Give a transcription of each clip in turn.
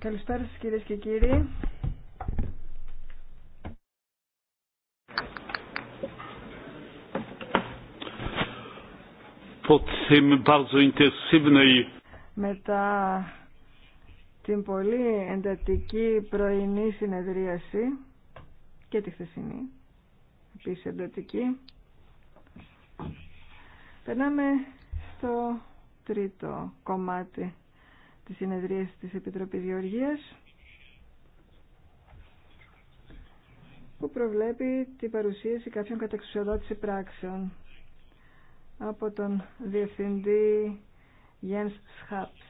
Καλησπέρα σας κυρίες και κύριοι. Μετά την πολύ εντατική πρωινή συνεδρίαση και τη χθεσινή, επίση εντατική, περνάμε στο τρίτο κομμάτι τη συνεδρία της Επιτροπής Γεωργίας που προβλέπει την παρουσίαση κάποιων καταξουσιοδότηση πράξεων από τον Διευθυντή Γιάνς Σχάπς.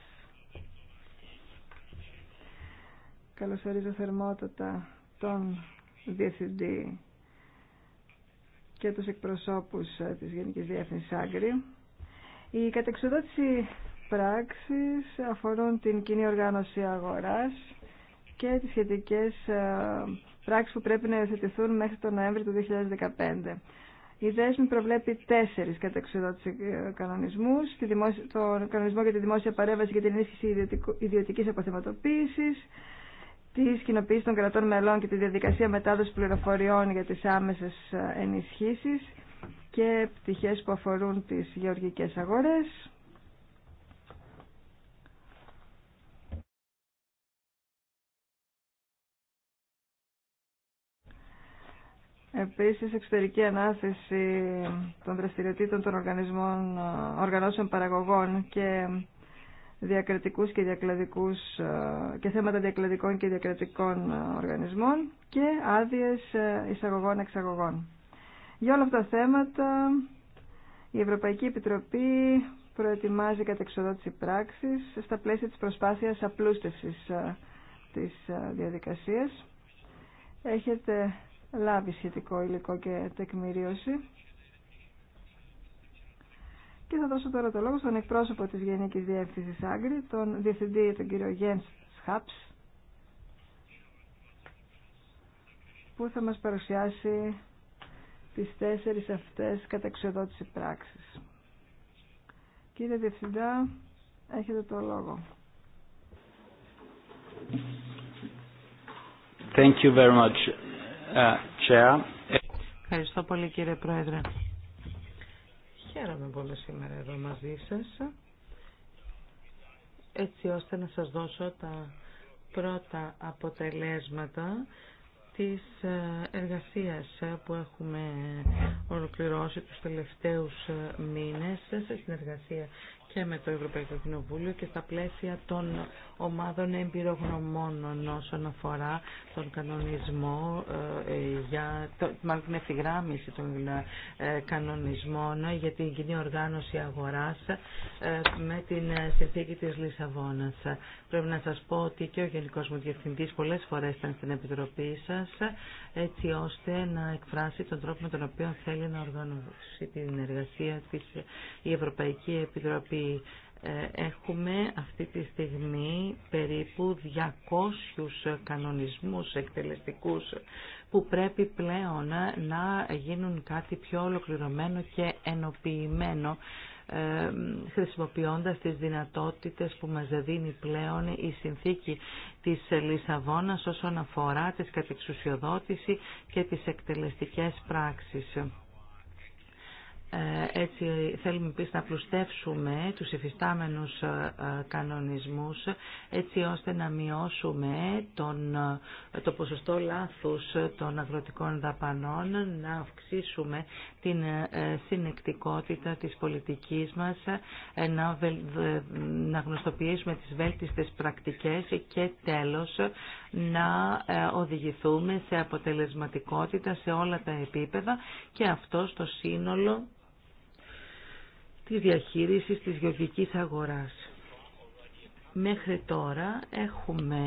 Καλωσορίζω θερμότατα τον Διευθυντή και τους εκπροσώπους ε, της Γενικής Διεύθυνσης Άγκρη. Η κατεξοδότηση πράξεις αφορούν την κοινή οργάνωση αγοράς και τις σχετικές ε, πράξεις που πρέπει να υιοθετηθούν μέχρι τον Νοέμβριο του 2015. Η δέσμη προβλέπει τέσσερι καταξιδότηση ε, κανονισμού, τον κανονισμό για τη δημόσια παρέμβαση και την ενίσχυση ιδιωτική αποθεματοποίηση, τη κοινοποίηση των κρατών μελών και τη διαδικασία μετάδοση πληροφοριών για τι άμεσε ενισχύσει και πτυχέ που αφορούν τι γεωργικέ αγορέ, Επίσης, εξωτερική ανάθεση των δραστηριοτήτων των οργανισμών, οργανώσεων παραγωγών και διακρατικούς και διακλαδικούς ε, και θέματα διακλαδικών και διακρατικών ε, οργανισμών και άδειες ε, εισαγωγών-εξαγωγών. Για όλα αυτά τα θέματα η Ευρωπαϊκή Επιτροπή προετοιμάζει κατεξοδότηση πράξης στα πλαίσια της προσπάθειας απλούστευσης της διαδικασίας. Έχετε λάβει σχετικό υλικό και τεκμηρίωση. Και θα δώσω τώρα το λόγο στον εκπρόσωπο της Γενικής Διεύθυνσης Άγκρη, τον Διευθυντή, τον κύριο Γιένς Σχάπς, που θα μας παρουσιάσει τις τέσσερις αυτές καταξιοδότηση πράξεις. Κύριε Διευθυντά, έχετε το λόγο. Thank you very much. Ε, Ευχαριστώ πολύ κύριε Πρόεδρε. Χαίρομαι πολύ σήμερα εδώ μαζί σας, έτσι ώστε να σας δώσω τα πρώτα αποτελέσματα της ε, εργασίας που έχουμε ολοκληρώσει τους τελευταίους ε, μήνες σε συνεργασία και με το Ευρωπαϊκό Κοινοβούλιο και στα πλαίσια των ομάδων εμπειρογνωμόνων όσον αφορά τον κανονισμό ε, για το, μάλλον την ευθυγράμμιση των ε, κανονισμών για την κοινή οργάνωση αγοράς ε, με την συνθήκη της Λισαβόνας. Πρέπει να σας πω ότι και ο Γενικός μου Διευθυντής πολλές φορές ήταν στην Επιτροπή σας έτσι ώστε να εκφράσει τον τρόπο με τον οποίο θέλει να οργανώσει την εργασία της η Ευρωπαϊκή Επιτροπή ε, έχουμε αυτή τη στιγμή περίπου 200 κανονισμούς εκτελεστικούς που πρέπει πλέον να γίνουν κάτι πιο ολοκληρωμένο και ενοποιημένο ε, χρησιμοποιώντας τις δυνατότητες που μας δίνει πλέον η συνθήκη της Λισαβόνας όσον αφορά τις κατεξουσιοδότηση και τις εκτελεστικές πράξεις. Ε, έτσι θέλουμε επίσης να πλουστεύσουμε τους υφιστάμενους ε, ε, κανονισμούς έτσι ώστε να μειώσουμε τον, το ποσοστό λάθους των αγροτικών δαπανών, να αυξήσουμε την συνεκτικότητα της πολιτικής μας, να, να γνωστοποιήσουμε τις βέλτιστες πρακτικές και τέλος να οδηγηθούμε σε αποτελεσματικότητα σε όλα τα επίπεδα και αυτό στο σύνολο τη διαχείριση της γεωργικής αγοράς. Μέχρι τώρα έχουμε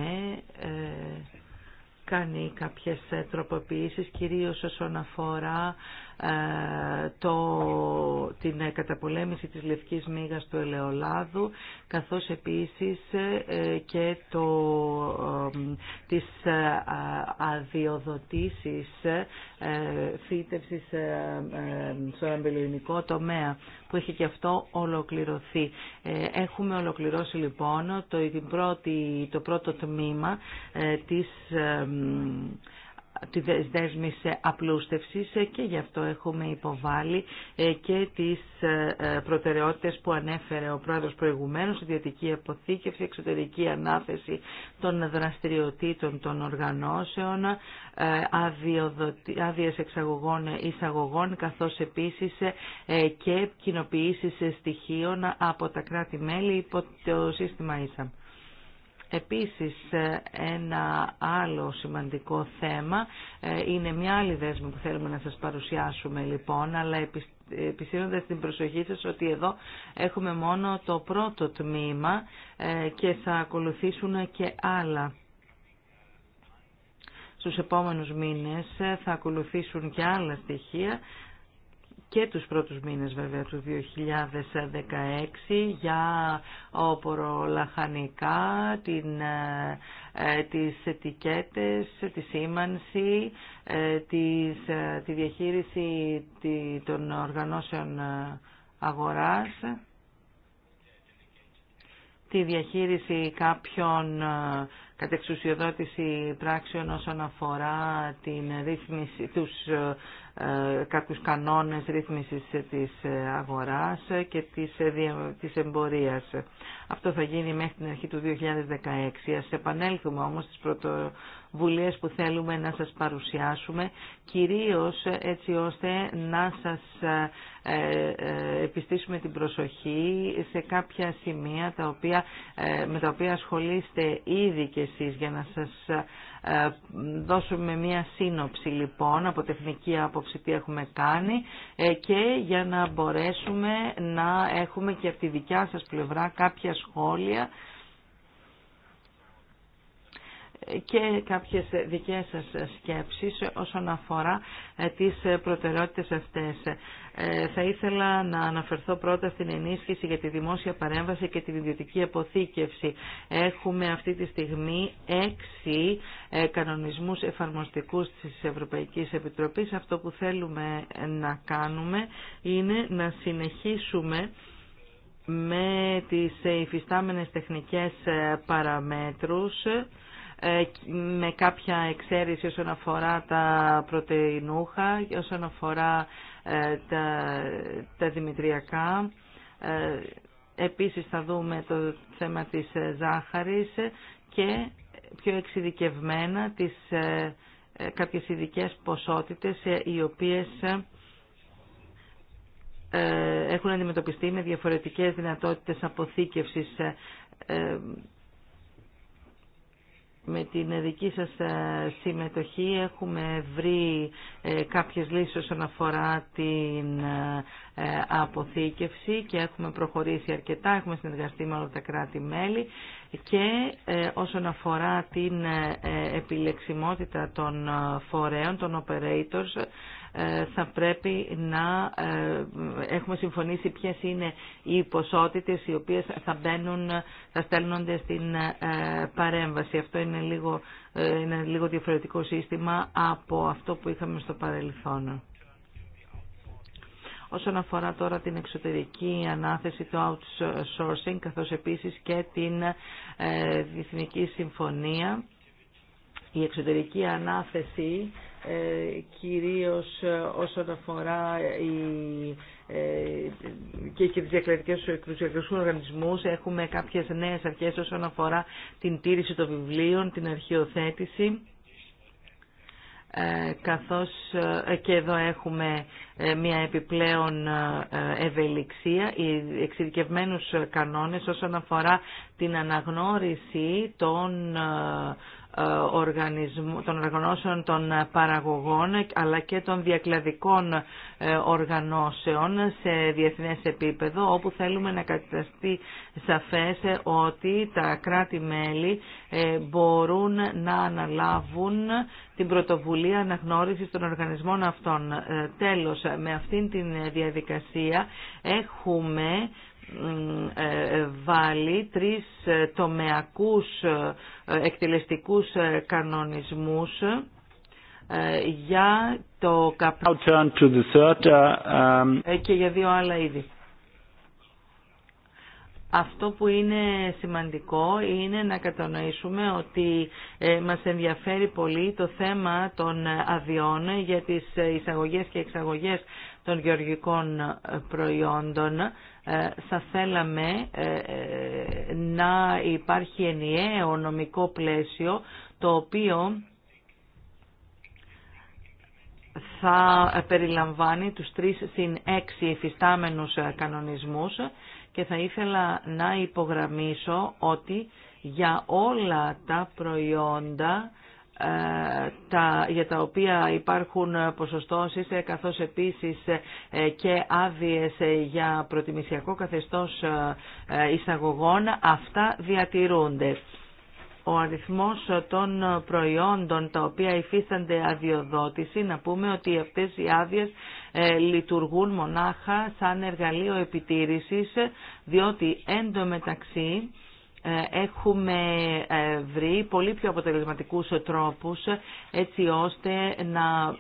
ε, κάνει κάποιες ε, τροποποιήσεις, κυρίως όσον αφορά ε, το, την ε, καταπολέμηση της λευκής μήγας του ελαιολάδου, καθώς επίσης και το, τις αδειοδοτήσεις φύτευσης στο εμπελοϊνικό τομέα, που έχει και αυτό ολοκληρωθεί. Έχουμε ολοκληρώσει λοιπόν το, πρώτη, το πρώτο τμήμα της τη δέσμης απλούστευσης και γι' αυτό έχουμε υποβάλει ε, και τις ε, ε, προτεραιότητες που ανέφερε ο πρόεδρος προηγουμένως, ιδιωτική αποθήκευση, εξωτερική ανάθεση των δραστηριοτήτων των οργανώσεων, άδειε εξαγωγών εισαγωγών, καθώς επίσης και κοινοποιήσεις στοιχείων από τα κράτη-μέλη υπό το σύστημα ΙΣΑΜ. Επίσης ένα άλλο σημαντικό θέμα ε, είναι μια άλλη δέσμη που θέλουμε να σας παρουσιάσουμε λοιπόν, αλλά επισύνοντας την προσοχή σας ότι εδώ έχουμε μόνο το πρώτο τμήμα ε, και θα ακολουθήσουν και άλλα. Στους επόμενους μήνες ε, θα ακολουθήσουν και άλλα στοιχεία και τους πρώτους μήνες βέβαια του 2016 για λαχανικά την, ε, τις ετικέτες, τη σήμανση, ε, ε, τη διαχείριση τη, των οργανώσεων ε, αγοράς, τη διαχείριση κάποιων κατεξουσιοδότηση πράξεων όσον αφορά την ρύθμιση, τους ε, κάποιους κανόνες ρύθμισης της αγοράς και ε, της, εμπορίας. Αυτό θα γίνει μέχρι την αρχή του 2016. Ας επανέλθουμε όμως στις Βουλίες που θέλουμε να σας παρουσιάσουμε, κυρίως έτσι ώστε να σας ε, ε, επιστήσουμε την προσοχή σε κάποια σημεία τα οποία, ε, με τα οποία ασχολείστε ήδη και εσείς για να σας δώσουμε μία σύνοψη λοιπόν από τεχνική άποψη τι έχουμε κάνει και για να μπορέσουμε να έχουμε και από τη δικιά σας πλευρά κάποια σχόλια και κάποιες δικές σας σκέψεις όσον αφορά ε, τις προτεραιότητες αυτές. Ε, θα ήθελα να αναφερθώ πρώτα στην ενίσχυση για τη δημόσια παρέμβαση και την ιδιωτική αποθήκευση. Έχουμε αυτή τη στιγμή έξι ε, κανονισμούς εφαρμοστικούς της Ευρωπαϊκής Επιτροπής. Αυτό που θέλουμε να κάνουμε είναι να συνεχίσουμε με τις υφιστάμενες τεχνικές παραμέτρους ε, με κάποια εξαίρεση όσον αφορά τα πρωτεϊνούχα, όσον αφορά ε, τα, τα δημητριακά. Ε, επίσης θα δούμε το θέμα της ζάχαρης και πιο εξειδικευμένα τις κάποιες ειδικές ποσότητες οι οποίες έχουν αντιμετωπιστεί με διαφορετικές δυνατότητες αποθήκευσης με την δική σας ε, συμμετοχή έχουμε βρει ε, κάποιες λύσεις όσον αφορά την ε, αποθήκευση και έχουμε προχωρήσει αρκετά, έχουμε συνεργαστεί με όλα τα κράτη-μέλη και όσον αφορά την επιλεξιμότητα των φορέων, των operators, ε, θα πρέπει να ε, έχουμε συμφωνήσει ποιες είναι οι ποσότητες οι οποίες θα μπαίνουν, θα στέλνονται στην ε, παρέμβαση. Αυτό είναι λίγο, είναι λίγο διαφορετικό σύστημα από αυτό που είχαμε στο παρελθόν. Όσον αφορά τώρα την εξωτερική ανάθεση του outsourcing, καθώς επίσης και την Διεθνική Συμφωνία, η εξωτερική ανάθεση ε, κυρίως ε, όσον αφορά η, ε, και τις του εκδοσιακούς οργανισμούς έχουμε κάποιες νέες αρχές όσον αφορά την τήρηση των βιβλίων, την αρχαιοθέτηση καθώς και εδώ έχουμε μια επιπλέον ευελιξία, οι εξειδικευμένους κανόνες όσον αφορά την αναγνώριση των ε, των οργανώσεων των παραγωγών αλλά και των διακλαδικών ε, οργανώσεων σε διεθνές επίπεδο όπου θέλουμε να καταστεί σαφές ότι τα κράτη-μέλη ε, μπορούν να αναλάβουν την πρωτοβουλία αναγνώρισης των οργανισμών αυτών. Τέλος, με αυτήν την διαδικασία έχουμε βάλει τρεις ε, τομεακούς ε, εκτελεστικούς ε, κανονισμούς για το καπνό uh, um, και για δύο άλλα είδη. Αυτό που είναι σημαντικό είναι να κατανοήσουμε ότι μας ενδιαφέρει πολύ το θέμα των αδειών για τις εισαγωγές και εξαγωγές των γεωργικών προϊόντων ε, θα θέλαμε ε, ε, να υπάρχει ενιαίο νομικό πλαίσιο το οποίο θα περιλαμβάνει τους τρεις συν έξι εφιστάμενους κανονισμούς και θα ήθελα να υπογραμμίσω ότι για όλα τα προϊόντα ε, τα, για τα οποία υπάρχουν ποσοστώσεις ε, καθώς επίσης ε, και άδειες για προτιμησιακό καθεστώς εισαγωγών αυτά διατηρούνται. Ο αριθμός των προϊόντων τα οποία υφίστανται αδειοδότηση, να πούμε ότι αυτές οι άδειες λειτουργούν μονάχα σαν εργαλείο επιτήρησης, διότι εντωμεταξύ ε, έχουμε ε, βρει πολύ πιο αποτελεσματικούς τρόπους έτσι ώστε να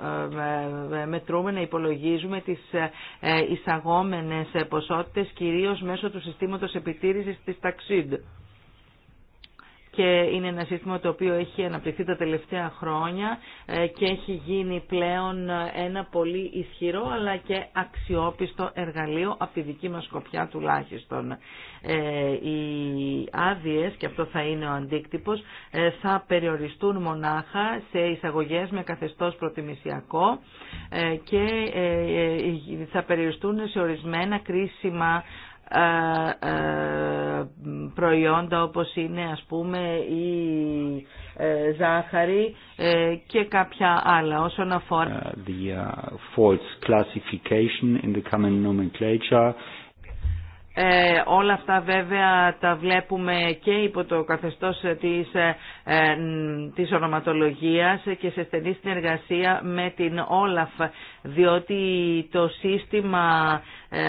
ε, μετρούμε, να υπολογίζουμε τις εισαγόμενες ποσότητες κυρίως μέσω του συστήματος επιτήρησης της ταξίδ και είναι ένα σύστημα το οποίο έχει αναπτυχθεί τα τελευταία χρόνια ε, και έχει γίνει πλέον ένα πολύ ισχυρό αλλά και αξιόπιστο εργαλείο από τη δική μας σκοπιά τουλάχιστον. Ε, οι άδειε και αυτό θα είναι ο αντίκτυπος ε, θα περιοριστούν μονάχα σε εισαγωγές με καθεστώς προτιμησιακό και θα περιοριστούν σε ορισμένα κρίσιμα ε, ε, προϊόντα όπως είναι ας πούμε η ε, ζάχαρη και κάποια άλλα όσον αφορά uh, the uh, false classification in the common όλα αυτά βέβαια τα βλέπουμε και υπό το καθεστώς της, ε, της ονοματολογίας και σε στενή συνεργασία με την Όλαφ διότι το σύστημα ε,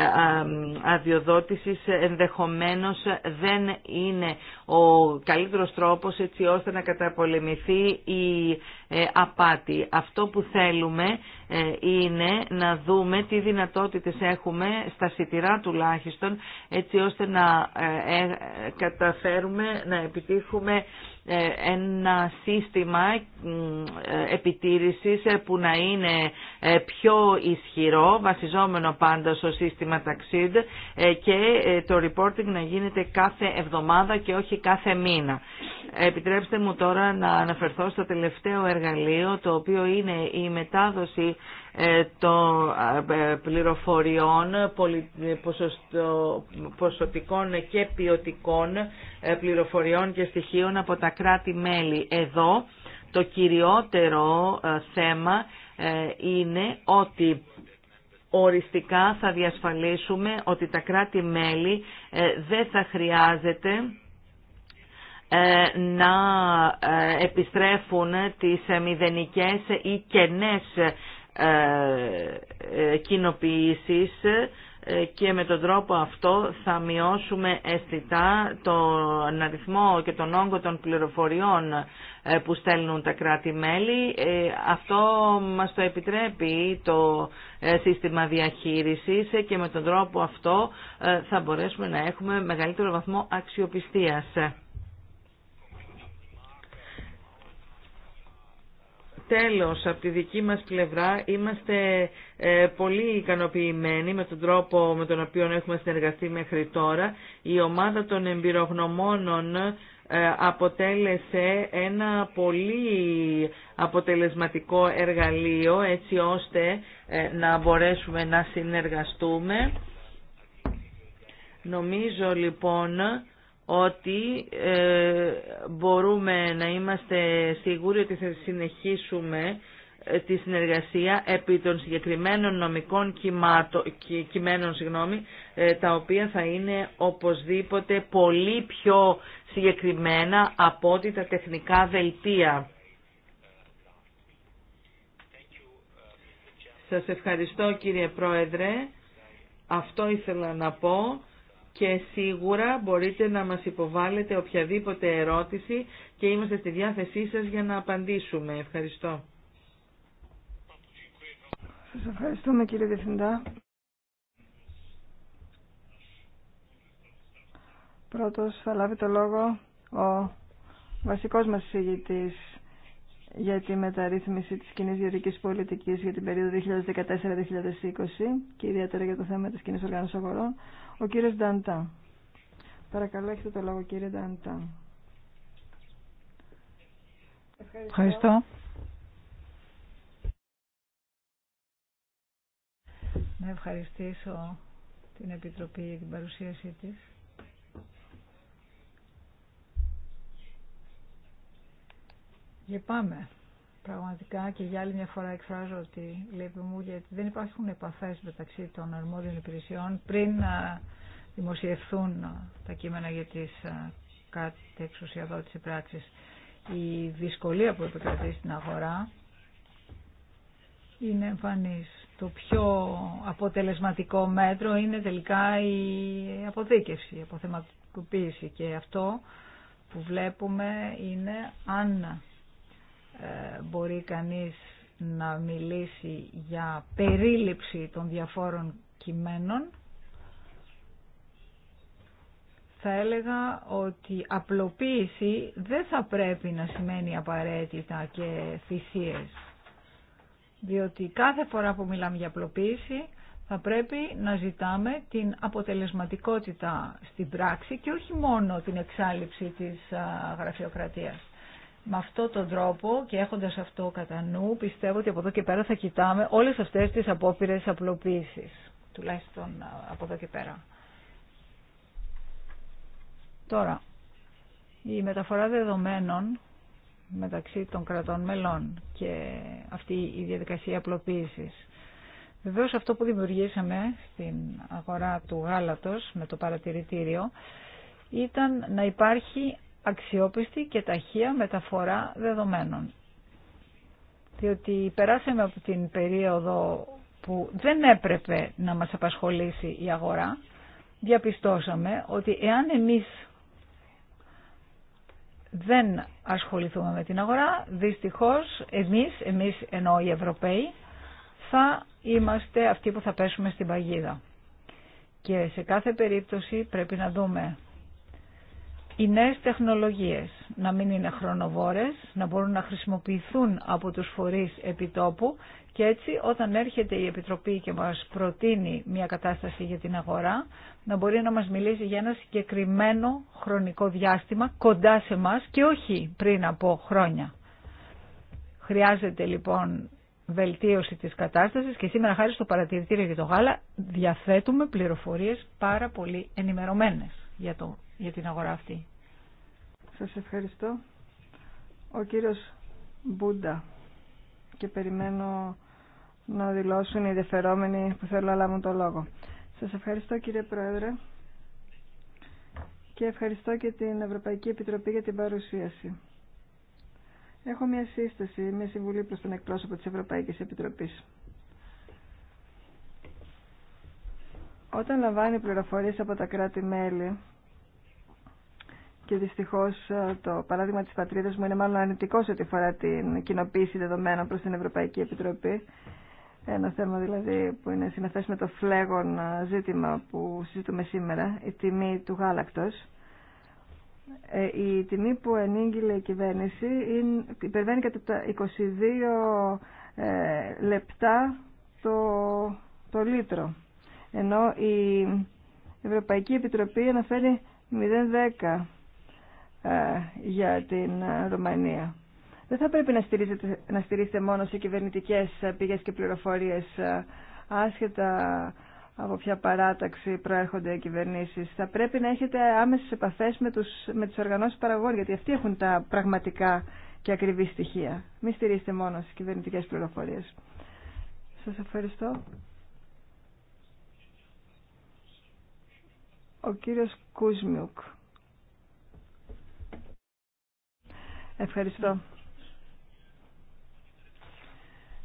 αδειοδότησης ενδεχομένως δεν είναι ο καλύτερος τρόπος έτσι ώστε να καταπολεμηθεί η ε, απάτη. Αυτό που θέλουμε ε, είναι να δούμε τι δυνατότητες έχουμε στα σιτηρά τουλάχιστον έτσι ώστε να καταφέρουμε να επιτύχουμε ένα σύστημα επιτήρησης που να είναι πιο πιο ισχυρό, βασιζόμενο πάντα στο σύστημα ταξίδ ε, και ε, το reporting να γίνεται κάθε εβδομάδα και όχι κάθε μήνα. Επιτρέψτε μου τώρα να αναφερθώ στο τελευταίο εργαλείο, το οποίο είναι η μετάδοση ε, των πληροφοριών ποσοτικών και ποιοτικών πληροφοριών και στοιχείων από τα κράτη-μέλη. Εδώ το κυριότερο θέμα ε, είναι ότι οριστικά θα διασφαλίσουμε ότι τα κράτη-μέλη ε, δεν θα χρειάζεται ε, να επιστρέφουν τις μηδενικές ή κενές κοινοποιήσεις ε, και με τον τρόπο αυτό θα μειώσουμε αισθητά τον αριθμό και τον όγκο των πληροφοριών ε, που στέλνουν τα κράτη-μέλη. Ε, αυτό μας το επιτρέπει το σύστημα διαχείρισης και με τον τρόπο αυτό θα μπορέσουμε να έχουμε μεγαλύτερο βαθμό αξιοπιστίας. Τέλος, από τη δική μας πλευρά είμαστε ε, πολύ ικανοποιημένοι με τον τρόπο με τον οποίο έχουμε συνεργαστεί μέχρι τώρα. Η ομάδα των εμπειρογνωμόνων ε, αποτέλεσε ένα πολύ αποτελεσματικό εργαλείο έτσι ώστε ε, να μπορέσουμε να συνεργαστούμε. Νομίζω λοιπόν ότι ε, μπορούμε να είμαστε σίγουροι ότι θα συνεχίσουμε ε, τη συνεργασία επί των συγκεκριμένων νομικών κειμένων συγγνώμη, ε, τα οποία θα είναι οπωσδήποτε πολύ πιο συγκεκριμένα από ό,τι τα τεχνικά δελτία. Σας ευχαριστώ κύριε Πρόεδρε. Αυτό ήθελα να πω και σίγουρα μπορείτε να μας υποβάλλετε οποιαδήποτε ερώτηση και είμαστε στη διάθεσή σας για να απαντήσουμε. Ευχαριστώ. Σας ευχαριστούμε κύριε Διευθυντά. Πρώτος θα λάβει το λόγο ο βασικός μας συζητητής για τη μεταρρύθμιση της κοινή γεωρικής πολιτικής για την περίοδο 2014-2020 και ιδιαίτερα για το θέμα της κοινή οργάνωσης αγορών, ο κύριος Νταντά. Παρακαλώ, έχετε το λόγο κύριε Νταντά. Ευχαριστώ. Να ευχαριστήσω την Επιτροπή για την παρουσίασή της. πάμε. Πραγματικά και για άλλη μια φορά εκφράζω ότι μου γιατί δεν υπάρχουν επαφές μεταξύ των αρμόδιων υπηρεσιών πριν να δημοσιευθούν τα κείμενα για τις κατεξουσιαδότηση πράξης. Η δυσκολία που επικρατεί στην αγορά είναι εμφανής. Το πιο αποτελεσματικό μέτρο είναι τελικά η αποθήκευση, η αποθεματικοποίηση και αυτό που βλέπουμε είναι αν ε, μπορεί κανείς να μιλήσει για περίληψη των διαφόρων κειμένων θα έλεγα ότι απλοποίηση δεν θα πρέπει να σημαίνει απαραίτητα και θυσίες. Διότι κάθε φορά που μιλάμε για απλοποίηση θα πρέπει να ζητάμε την αποτελεσματικότητα στην πράξη και όχι μόνο την εξάλληψη της γραφειοκρατίας. Με αυτόν τον τρόπο και έχοντας αυτό κατά νου, πιστεύω ότι από εδώ και πέρα θα κοιτάμε όλες αυτές τις απόπειρες απλοποίησης, τουλάχιστον από εδώ και πέρα. Τώρα, η μεταφορά δεδομένων μεταξύ των κρατών μελών και αυτή η διαδικασία απλοποίησης. Βεβαίω αυτό που δημιουργήσαμε στην αγορά του γάλατος με το παρατηρητήριο ήταν να υπάρχει αξιόπιστη και ταχεία μεταφορά δεδομένων. Διότι περάσαμε από την περίοδο που δεν έπρεπε να μας απασχολήσει η αγορά, διαπιστώσαμε ότι εάν εμείς δεν ασχοληθούμε με την αγορά, δυστυχώς εμείς, εμείς ενώ οι Ευρωπαίοι, θα είμαστε αυτοί που θα πέσουμε στην παγίδα. Και σε κάθε περίπτωση πρέπει να δούμε οι νέες τεχνολογίες να μην είναι χρονοβόρες, να μπορούν να χρησιμοποιηθούν από τους φορείς επιτόπου και έτσι όταν έρχεται η Επιτροπή και μας προτείνει μια κατάσταση για την αγορά να μπορεί να μας μιλήσει για ένα συγκεκριμένο χρονικό διάστημα κοντά σε μας και όχι πριν από χρόνια. Χρειάζεται λοιπόν βελτίωση της κατάστασης και σήμερα χάρη στο παρατηρητήριο για το γάλα διαθέτουμε πληροφορίες πάρα πολύ ενημερωμένες για το για την αγορά αυτή. Σας ευχαριστώ. Ο κύριος Μπούντα και περιμένω να δηλώσουν οι ενδιαφερόμενοι που θέλουν να λάβουν το λόγο. Σας ευχαριστώ κύριε Πρόεδρε και ευχαριστώ και την Ευρωπαϊκή Επιτροπή για την παρουσίαση. Έχω μια σύσταση, μια συμβουλή προς τον εκπρόσωπο της Ευρωπαϊκής Επιτροπής. Όταν λαμβάνει πληροφορίες από τα κράτη-μέλη και δυστυχώς ε, το παράδειγμα της πατρίδας μου είναι μάλλον αρνητικό σε ό,τι αφορά την κοινοποίηση δεδομένων προς την Ευρωπαϊκή Επιτροπή. Ένα θέμα δηλαδή που είναι συναφέ με το φλέγον ε, ζήτημα που συζητούμε σήμερα, η τιμή του γάλακτος. Ε, η τιμή που ενήγγειλε η κυβέρνηση υπερβαίνει κατά τα 22 λεπτά το, το λίτρο. Ενώ η Ευρωπαϊκή Επιτροπή αναφέρει 0,10 ε, για την ε, Ρουμανία. Δεν θα πρέπει να στηρίζετε, να στηρίζετε μόνο σε κυβερνητικές ε, πηγές και πληροφορίες άσχετα από ποια παράταξη προέρχονται οι κυβερνήσεις. Θα πρέπει να έχετε άμεσες επαφές με, τους, με τις οργανώσεις παραγωγών, γιατί αυτοί έχουν τα πραγματικά και ακριβή στοιχεία. Μην στηρίζετε μόνο στις κυβερνητικές πληροφορίες. Σας ευχαριστώ. Ο κύριος Κούσμιουκ. Ευχαριστώ.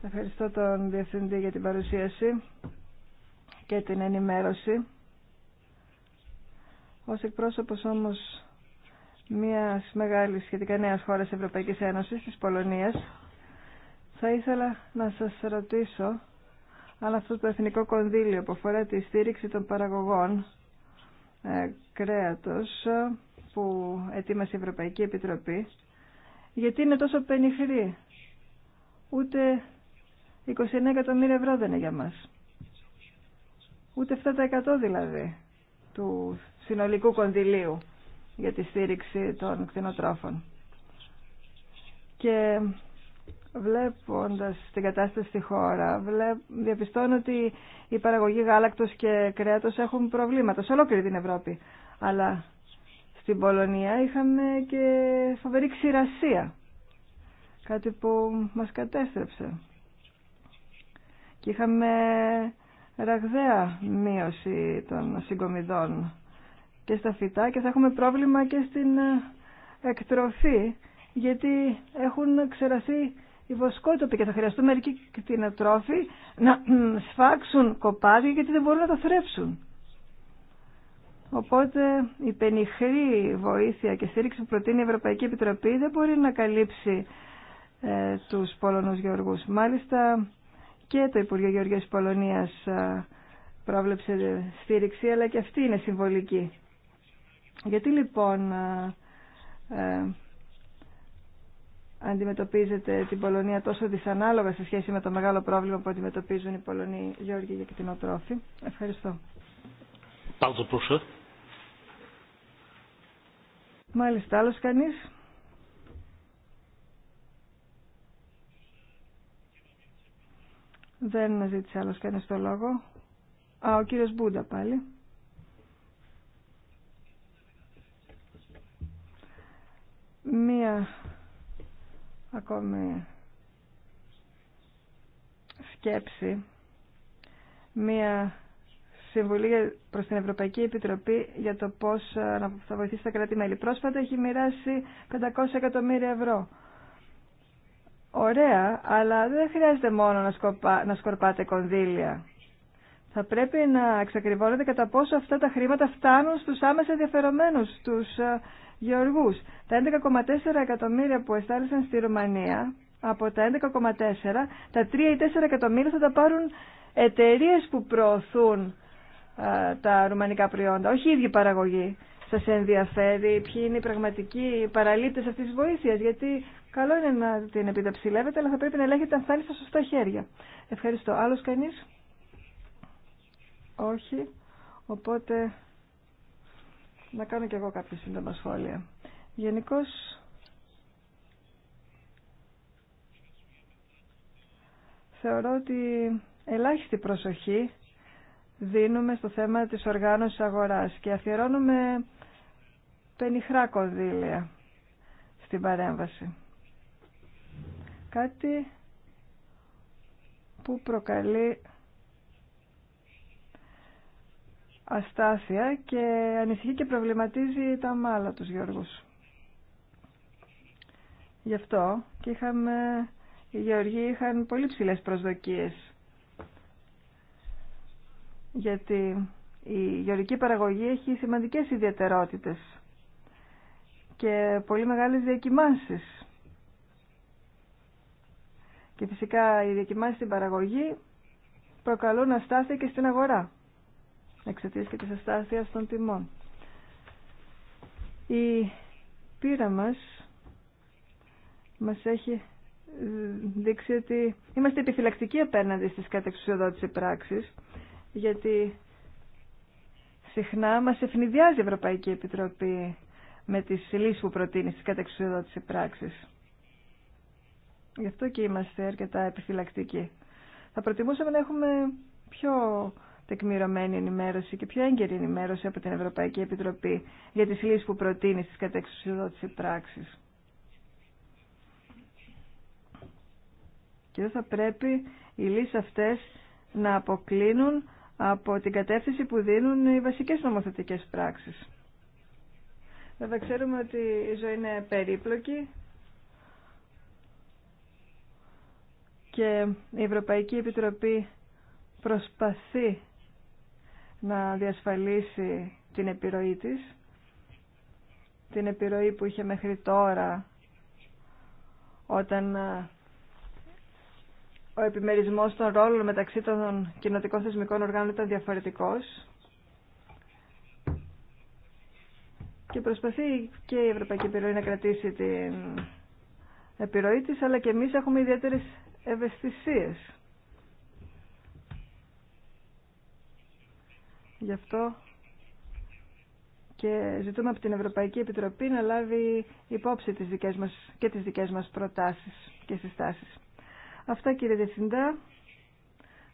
Ευχαριστώ τον Διευθυντή για την παρουσίαση και την ενημέρωση. Ως εκπρόσωπος όμως μια μεγάλης σχετικά νέας χώρας Ευρωπαϊκής Ένωσης, της Πολωνίας, θα ήθελα να σα ρωτήσω αν αυτό το εθνικό κονδύλιο που αφορά τη στήριξη των παραγωγών ε, κρέατος που ετοίμασε η Ευρωπαϊκή Επιτροπή γιατί είναι τόσο πενιχρή. Ούτε 29 εκατομμύρια ευρώ δεν είναι για μας. Ούτε 7% δηλαδή του συνολικού κονδυλίου για τη στήριξη των κτηνοτρόφων. Και βλέποντας την κατάσταση στη χώρα, διαπιστώνω ότι η παραγωγή γάλακτος και κρέατος έχουν προβλήματα σε ολόκληρη την Ευρώπη. Αλλά στην Πολωνία είχαμε και φοβερή ξηρασία. Κάτι που μας κατέστρεψε. Και είχαμε ραγδαία μείωση των συγκομιδών και στα φυτά και θα έχουμε πρόβλημα και στην ε, εκτροφή γιατί έχουν ξεραστεί οι βοσκότοποι και θα χρειαστούν μερικοί κτηνοτρόφοι να σφάξουν κοπάδια γιατί δεν μπορούν να τα θρέψουν. Οπότε η πενιχρή βοήθεια και στήριξη που προτείνει η Ευρωπαϊκή Επιτροπή δεν μπορεί να καλύψει ε, τους Πολωνούς Γεωργούς. Μάλιστα και το Υπουργείο Γεωργίας Πολωνίας ε, πρόβλεψε στήριξη, αλλά και αυτή είναι συμβολική. Γιατί λοιπόν ε, ε αντιμετωπίζετε την Πολωνία τόσο δυσανάλογα σε σχέση με το μεγάλο πρόβλημα που αντιμετωπίζουν οι Πολωνοί Γεωργοί για κτηνοτρόφοι. Ευχαριστώ. Μάλιστα, άλλο κανεί. Δεν ζήτησε άλλο κανείς το λόγο. Α, ο κύριος Μπούντα πάλι. Μία ακόμη σκέψη, μία Συμβουλή προς την Ευρωπαϊκή Επιτροπή για το πώς ε, θα βοηθήσει τα κράτη-μέλη. Πρόσφατα έχει μοιράσει 500 εκατομμύρια ευρώ. Ωραία, αλλά δεν χρειάζεται μόνο να, να σκορπάτε κονδύλια. Θα πρέπει να εξακριβώνετε κατά πόσο αυτά τα χρήματα φτάνουν στους άμεσα ενδιαφερομένους, στους ε, γεωργούς. Τα 11,4 εκατομμύρια που εστάλησαν στη Ρουμανία, από τα 11,4, τα 3 ή 4 εκατομμύρια θα τα πάρουν εταιρείες που προωθούν ε, τα ρουμανικά προϊόντα, όχι η ίδια παραγωγή. Σας ενδιαφέρει ποιοι είναι οι πραγματικοί παραλήπτες αυτής της βοήθειας, γιατί καλό είναι να την επιταψιλεύετε, αλλά θα πρέπει να ελέγχετε αν φτάνει στα σωστά χέρια. Ευχαριστώ. άλλο κανείς? Όχι. Οπότε να κάνω κι εγώ κάποια σύντομα σχόλια. Γενικώ. θεωρώ ότι ελάχιστη προσοχή δίνουμε στο θέμα της οργάνωσης αγοράς και αφιερώνουμε πενιχρά κονδύλια στην παρέμβαση. Κάτι που προκαλεί αστάθεια και ανησυχεί και προβληματίζει τα μάλα τους Γιώργους. Γι' αυτό και είχαμε, οι Γεωργοί είχαν πολύ ψηλές προσδοκίες γιατί η γεωρική παραγωγή έχει σημαντικές ιδιαιτερότητες και πολύ μεγάλες διακοιμάνσεις. Και φυσικά οι διακοιμάνσεις στην παραγωγή προκαλούν αστάθεια και στην αγορά εξαιτία και της αστάθειας των τιμών. Η πείρα μας μας έχει δείξει ότι είμαστε επιφυλακτικοί απέναντι στις κατεξουσιοδότηση πράξεις γιατί συχνά μας ευνηδιάζει η Ευρωπαϊκή Επιτροπή με τις λύσεις που προτείνει στις κατεξουσιοδότηση πράξεις. Γι' αυτό και είμαστε αρκετά επιφυλακτικοί. Θα προτιμούσαμε να έχουμε πιο τεκμηρωμένη ενημέρωση και πιο έγκαιρη ενημέρωση από την Ευρωπαϊκή Επιτροπή για τις λύσεις που προτείνει στις κατεξουσιοδότηση πράξεις. Και δεν θα πρέπει οι λύσεις αυτές να αποκλίνουν από την κατεύθυνση που δίνουν οι βασικές νομοθετικές πράξεις. Βέβαια ξέρουμε ότι η ζωή είναι περίπλοκη και η Ευρωπαϊκή Επιτροπή προσπαθεί να διασφαλίσει την επιρροή της, την επιρροή που είχε μέχρι τώρα όταν ο επιμερισμός των ρόλων μεταξύ των κοινοτικών θεσμικών οργάνων ήταν διαφορετικός και προσπαθεί και η Ευρωπαϊκή Επιρροή να κρατήσει την επιρροή της, αλλά και εμείς έχουμε ιδιαίτερες ευαισθησίες. Γι' αυτό και ζητούμε από την Ευρωπαϊκή Επιτροπή να λάβει υπόψη τις δικές μας, και τις δικές μας προτάσεις και συστάσεις. Αυτά κύριε Διευθυντά.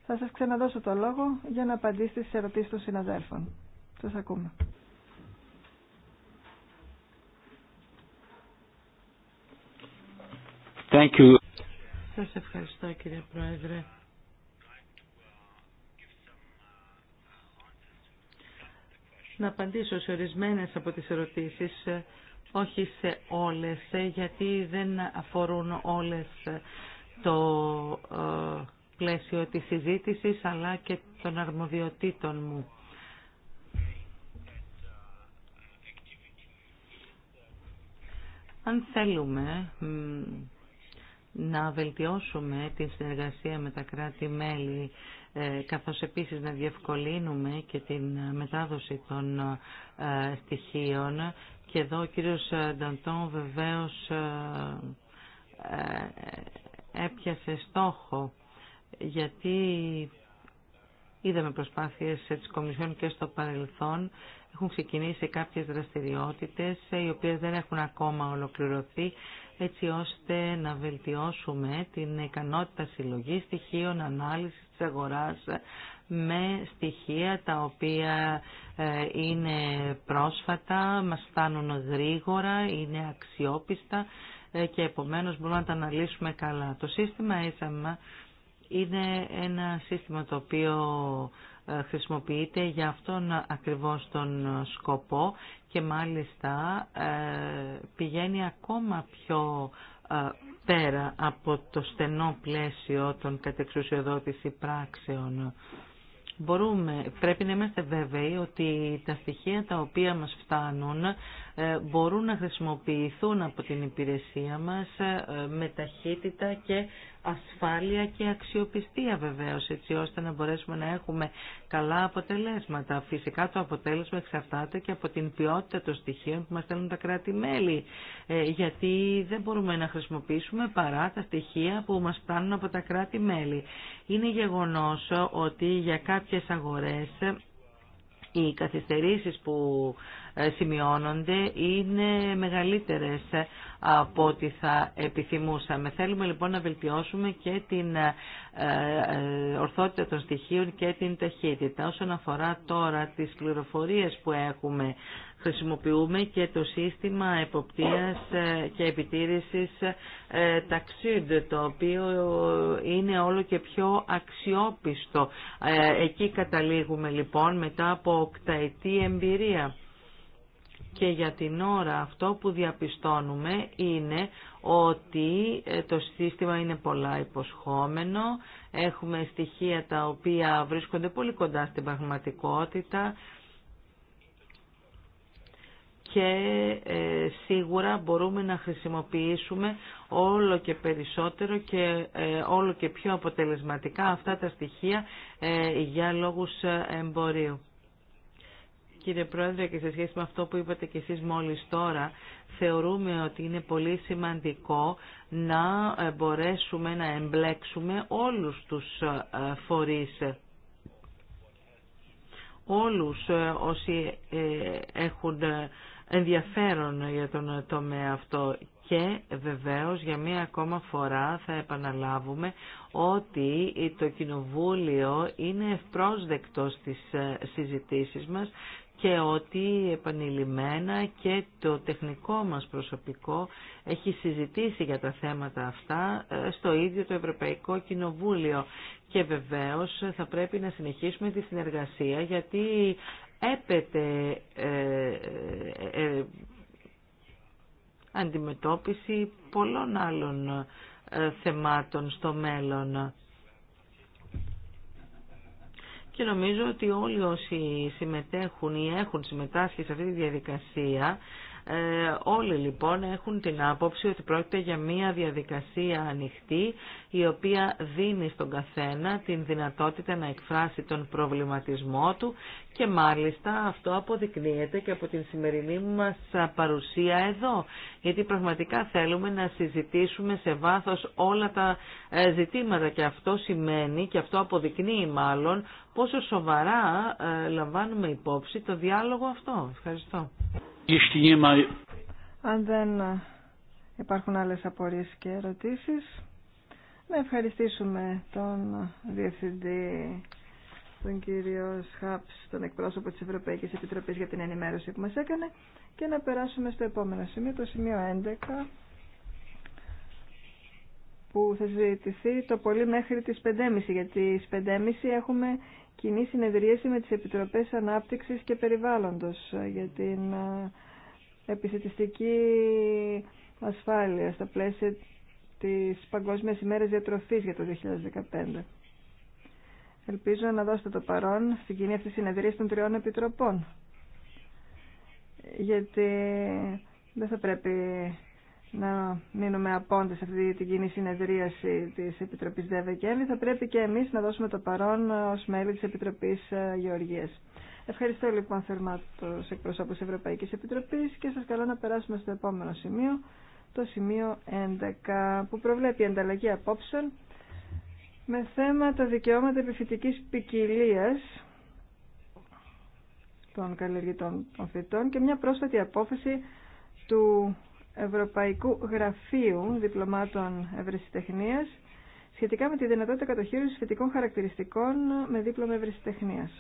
Θα σας ξαναδώσω το λόγο για να απαντήσετε στις ερωτήσεις των συναδέλφων. Σας ακούμε. Thank you. Σας ευχαριστώ κύριε Πρόεδρε. Να απαντήσω σε ορισμένες από τις ερωτήσεις, όχι σε όλες, γιατί δεν αφορούν όλες το ε, πλαίσιο της συζήτησης αλλά και των αρμοδιοτήτων μου. Αν θέλουμε να βελτιώσουμε την συνεργασία με τα κράτη-μέλη ε, καθώς επίσης να διευκολύνουμε και την μετάδοση των ε, στοιχείων και εδώ ο κύριος Νταντών βεβαίως έπιασε στόχο γιατί είδαμε προσπάθειες της Κομισιόν και στο παρελθόν έχουν ξεκινήσει κάποιες δραστηριότητες οι οποίες δεν έχουν ακόμα ολοκληρωθεί έτσι ώστε να βελτιώσουμε την ικανότητα συλλογής στοιχείων, ανάλυσης της αγοράς με στοιχεία τα οποία ε, είναι πρόσφατα, μας φτάνουν γρήγορα, είναι αξιόπιστα ε, και επομένως μπορούμε να τα αναλύσουμε καλά. Το σύστημα ΕΣΑΜΑ είναι ένα σύστημα το οποίο ε, χρησιμοποιείται για αυτόν ακριβώς τον σκοπό και μάλιστα ε, πηγαίνει ακόμα πιο πέρα από το στενό πλαίσιο των κατεξουσιοδότηση πράξεων μπορούμε, πρέπει να είμαστε βέβαιοι ότι τα στοιχεία τα οποία μας φτάνουν ε, μπορούν να χρησιμοποιηθούν από την υπηρεσία μας ε, με ταχύτητα και ασφάλεια και αξιοπιστία βεβαίως, έτσι ώστε να μπορέσουμε να έχουμε καλά αποτελέσματα. Φυσικά το αποτέλεσμα εξαρτάται και από την ποιότητα των στοιχείων που μας θέλουν τα κράτη-μέλη, ε, γιατί δεν μπορούμε να χρησιμοποιήσουμε παρά τα στοιχεία που μας φτάνουν από τα κράτη-μέλη. Είναι γεγονός ότι για κάποιες αγορές οι καθυστερήσεις που ε, σημειώνονται είναι μεγαλύτερες από ό,τι θα επιθυμούσαμε. Θέλουμε λοιπόν να βελτιώσουμε και την ε, ε, ορθότητα των στοιχείων και την ταχύτητα. Όσον αφορά τώρα τις πληροφορίες που έχουμε Χρησιμοποιούμε και το σύστημα εποπτείας ε, και επιτήρησης ε, ταξίδ, το οποίο είναι όλο και πιο αξιόπιστο. Ε, εκεί καταλήγουμε λοιπόν μετά από οκταετή εμπειρία. Και για την ώρα αυτό που διαπιστώνουμε είναι ότι το σύστημα είναι πολλά υποσχόμενο, έχουμε στοιχεία τα οποία βρίσκονται πολύ κοντά στην πραγματικότητα, και ε, σίγουρα μπορούμε να χρησιμοποιήσουμε όλο και περισσότερο και ε, όλο και πιο αποτελεσματικά αυτά τα στοιχεία ε, για λόγους εμπορίου. Κύριε Πρόεδρε, και σε σχέση με αυτό που είπατε και εσείς μόλις τώρα, θεωρούμε ότι είναι πολύ σημαντικό να μπορέσουμε να εμπλέξουμε όλους τους φορείς όλους όσοι έχουν ενδιαφέρον για τον τομέα αυτό και βεβαίως για μία ακόμα φορά θα επαναλάβουμε ότι το Κοινοβούλιο είναι ευπρόσδεκτο στις ε, συζητήσεις μας και ότι επανειλημμένα και το τεχνικό μας προσωπικό έχει συζητήσει για τα θέματα αυτά ε, στο ίδιο το Ευρωπαϊκό Κοινοβούλιο. Και βεβαίως θα πρέπει να συνεχίσουμε τη συνεργασία γιατί έπεται ε, ε, αντιμετώπιση πολλών άλλων θεμάτων στο μέλλον και νομίζω ότι όλοι όσοι συμμετέχουν ή έχουν συμμετάσχει σε αυτή τη διαδικασία ε, όλοι λοιπόν έχουν την άποψη ότι πρόκειται για μια διαδικασία ανοιχτή η οποία δίνει στον καθένα την δυνατότητα να εκφράσει τον προβληματισμό του και μάλιστα αυτό αποδεικνύεται και από την σημερινή μας παρουσία εδώ γιατί πραγματικά θέλουμε να συζητήσουμε σε βάθος όλα τα ε, ζητήματα και αυτό σημαίνει και αυτό αποδεικνύει μάλλον πόσο σοβαρά ε, λαμβάνουμε υπόψη το διάλογο αυτό. Ευχαριστώ. Αν δεν υπάρχουν άλλες απορίες και ερωτήσεις, να ευχαριστήσουμε τον Διευθυντή, τον κύριο Σχάπς, τον εκπρόσωπο της Ευρωπαϊκής Επιτροπής για την ενημέρωση που μας έκανε και να περάσουμε στο επόμενο σημείο, το σημείο 11 που θα ζητηθεί το πολύ μέχρι τις 5.30 γιατί στις 5.30 έχουμε κοινή συνεδρίαση με τις Επιτροπές Ανάπτυξης και Περιβάλλοντος για την ε, Επιθετιστική ασφάλεια στα πλαίσια της Παγκόσμιας ημέρας διατροφής για το 2015. Ελπίζω να δώσετε το παρόν στην κοινή αυτή συνεδρίαση των τριών επιτροπών. Γιατί δεν θα πρέπει να μείνουμε απόντες αυτή την κοινή συνεδρίαση της Επιτροπής ΔΕΒΕ θα πρέπει και εμείς να δώσουμε το παρόν ως μέλη της Επιτροπής ε, Γεωργίας. Ευχαριστώ λοιπόν θερμά τους εκπροσώπους Ευρωπαϊκής Επιτροπής και σας καλώ να περάσουμε στο επόμενο σημείο, το σημείο 11, που προβλέπει ανταλλαγή απόψεων με θέμα τα δικαιώματα επιφυτικής ποικιλία των καλλιεργητών των φυτών και μια πρόσφατη απόφαση του Ευρωπαϊκού Γραφείου Διπλωμάτων Ευρεσιτεχνία σχετικά με τη δυνατότητα κατοχύρωσης φυτικών χαρακτηριστικών με δίπλωμα ευρεσιτεχνία.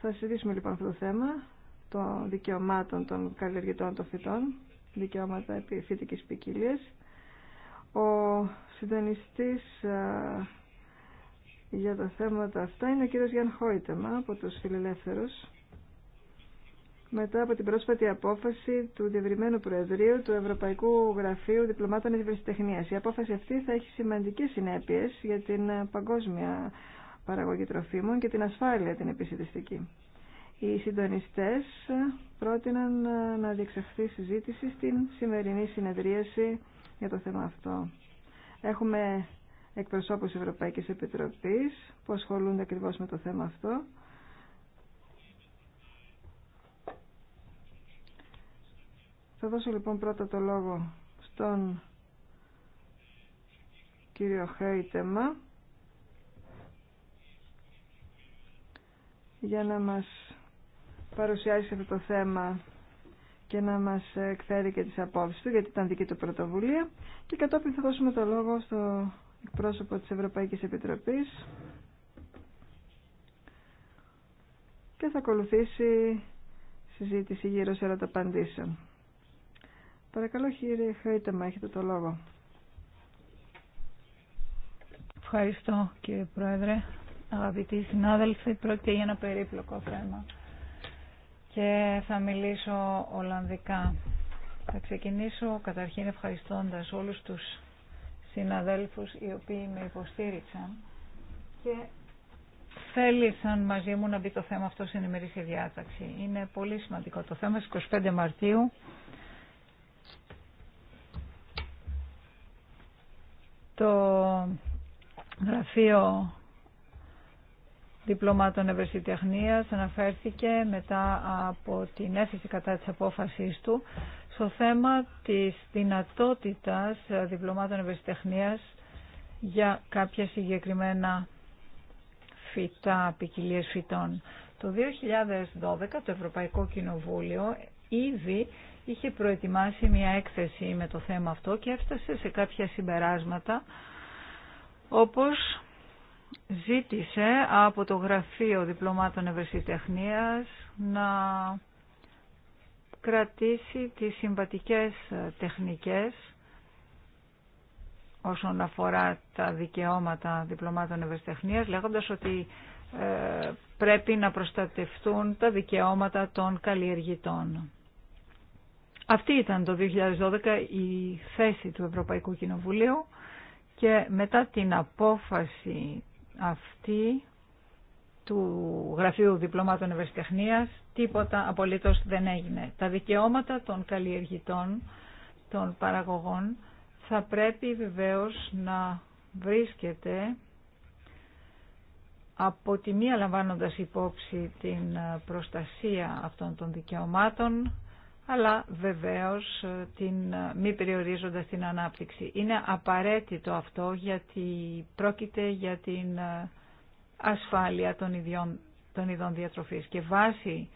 Θα συζητήσουμε λοιπόν αυτό το θέμα των δικαιωμάτων των καλλιεργητών των φυτών, δικαιώματα φυτική ποικιλία. Ο συντονιστή για τα θέματα αυτά είναι ο κύριος Γιάνν Χόιτεμα από του μετά από την πρόσφατη απόφαση του Διευρυμένου Προεδρείου του Ευρωπαϊκού Γραφείου Διπλωμάτων Ευρεσιτεχνίας. Η απόφαση αυτή θα έχει σημαντικές συνέπειες για την παγκόσμια παραγωγή τροφίμων και την ασφάλεια την επισητιστική. Οι συντονιστές πρότειναν να διεξαχθεί συζήτηση στην σημερινή συνεδρίαση για το θέμα αυτό. Έχουμε εκπροσώπους Ευρωπαϊκής Επιτροπής που ασχολούνται ακριβώς με το θέμα αυτό Θα δώσω λοιπόν πρώτα το λόγο στον κύριο Χέιτεμα για να μας παρουσιάσει αυτό το θέμα και να μας εκφέρει και τις απόψεις του γιατί ήταν δική του πρωτοβουλία και κατόπιν θα δώσουμε το λόγο στο εκπρόσωπο της Ευρωπαϊκής Επιτροπής και θα ακολουθήσει συζήτηση γύρω σε ερωταπαντήσεων. Παρακαλώ κύριε Χαϊτεμα, έχετε το λόγο. Ευχαριστώ κύριε Πρόεδρε. Αγαπητοί συνάδελφοι, πρόκειται για ένα περίπλοκο θέμα και θα μιλήσω Ολλανδικά. Θα ξεκινήσω καταρχήν ευχαριστώντας όλους τους συναδέλφους οι οποίοι με υποστήριξαν και θέλησαν μαζί μου να μπει το θέμα αυτό στην ημερήσια διάταξη. Είναι πολύ σημαντικό το θέμα. Στις 25 Μαρτίου το γραφείο διπλωμάτων ευρεσιτεχνίας αναφέρθηκε μετά από την έφεση κατά της απόφασής του στο θέμα της δυνατότητας διπλωμάτων ευρεσιτεχνίας για κάποια συγκεκριμένα φυτά, ποικιλίε φυτών. Το 2012 το Ευρωπαϊκό Κοινοβούλιο ήδη είχε προετοιμάσει μια έκθεση με το θέμα αυτό και έφτασε σε κάποια συμπεράσματα όπως ζήτησε από το Γραφείο Διπλωμάτων Ευρεσιτεχνίας να κρατήσει τις συμβατικές τεχνικές όσον αφορά τα δικαιώματα διπλωμάτων ευρεσιτεχνίας λέγοντας ότι ε, πρέπει να προστατευτούν τα δικαιώματα των καλλιεργητών. Αυτή ήταν το 2012 η θέση του Ευρωπαϊκού Κοινοβουλίου και μετά την απόφαση αυτή του Γραφείου Διπλωμάτων Ευαισθητεχνίας τίποτα απολύτως δεν έγινε. Τα δικαιώματα των καλλιεργητών, των παραγωγών θα πρέπει βεβαίως να βρίσκεται από τη μία λαμβάνοντας υπόψη την προστασία αυτών των δικαιωμάτων αλλά βεβαίως ε, την, ε, μη περιορίζοντας την ανάπτυξη. Είναι απαραίτητο αυτό γιατί πρόκειται για την ε, ασφάλεια των, ιδιών, των ειδών διατροφής και βάσει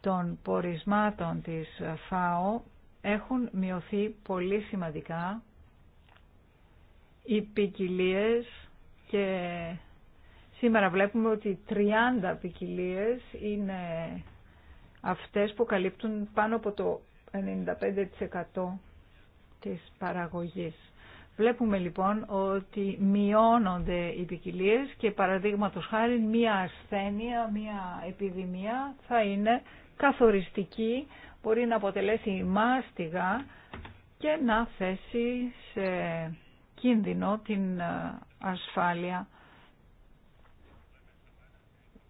των πορισμάτων της ΦΑΟ έχουν μειωθεί πολύ σημαντικά οι ποικιλίε και σήμερα βλέπουμε ότι 30 ποικιλίε είναι αυτές που καλύπτουν πάνω από το 95% της παραγωγής. Βλέπουμε λοιπόν ότι μειώνονται οι ποικιλίε και παραδείγματο χάρη μία ασθένεια, μία επιδημία θα είναι καθοριστική, μπορεί να αποτελέσει μάστιγα και να θέσει σε κίνδυνο την ε, ασφάλεια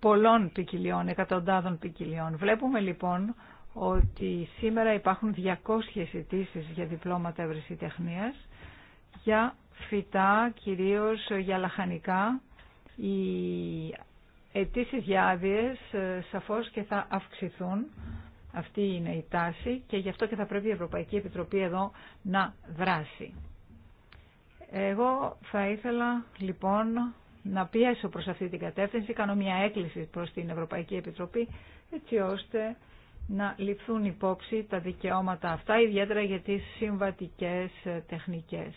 πολλών ποικιλιών, εκατοντάδων ποικιλιών. Βλέπουμε λοιπόν ότι σήμερα υπάρχουν 200 αιτήσει για διπλώματα ευρεσιτεχνίας για φυτά, κυρίως για λαχανικά. Οι αιτήσει για άδειε ε, σαφώς και θα αυξηθούν. Αυτή είναι η τάση και γι' αυτό και θα πρέπει η Ευρωπαϊκή Επιτροπή εδώ να δράσει. Εγώ θα ήθελα λοιπόν να πιέσω προς αυτή την κατεύθυνση. Κάνω μια έκκληση προς την Ευρωπαϊκή Επιτροπή έτσι ώστε να ληφθούν υπόψη τα δικαιώματα αυτά, ιδιαίτερα για τις συμβατικές ε, τεχνικές.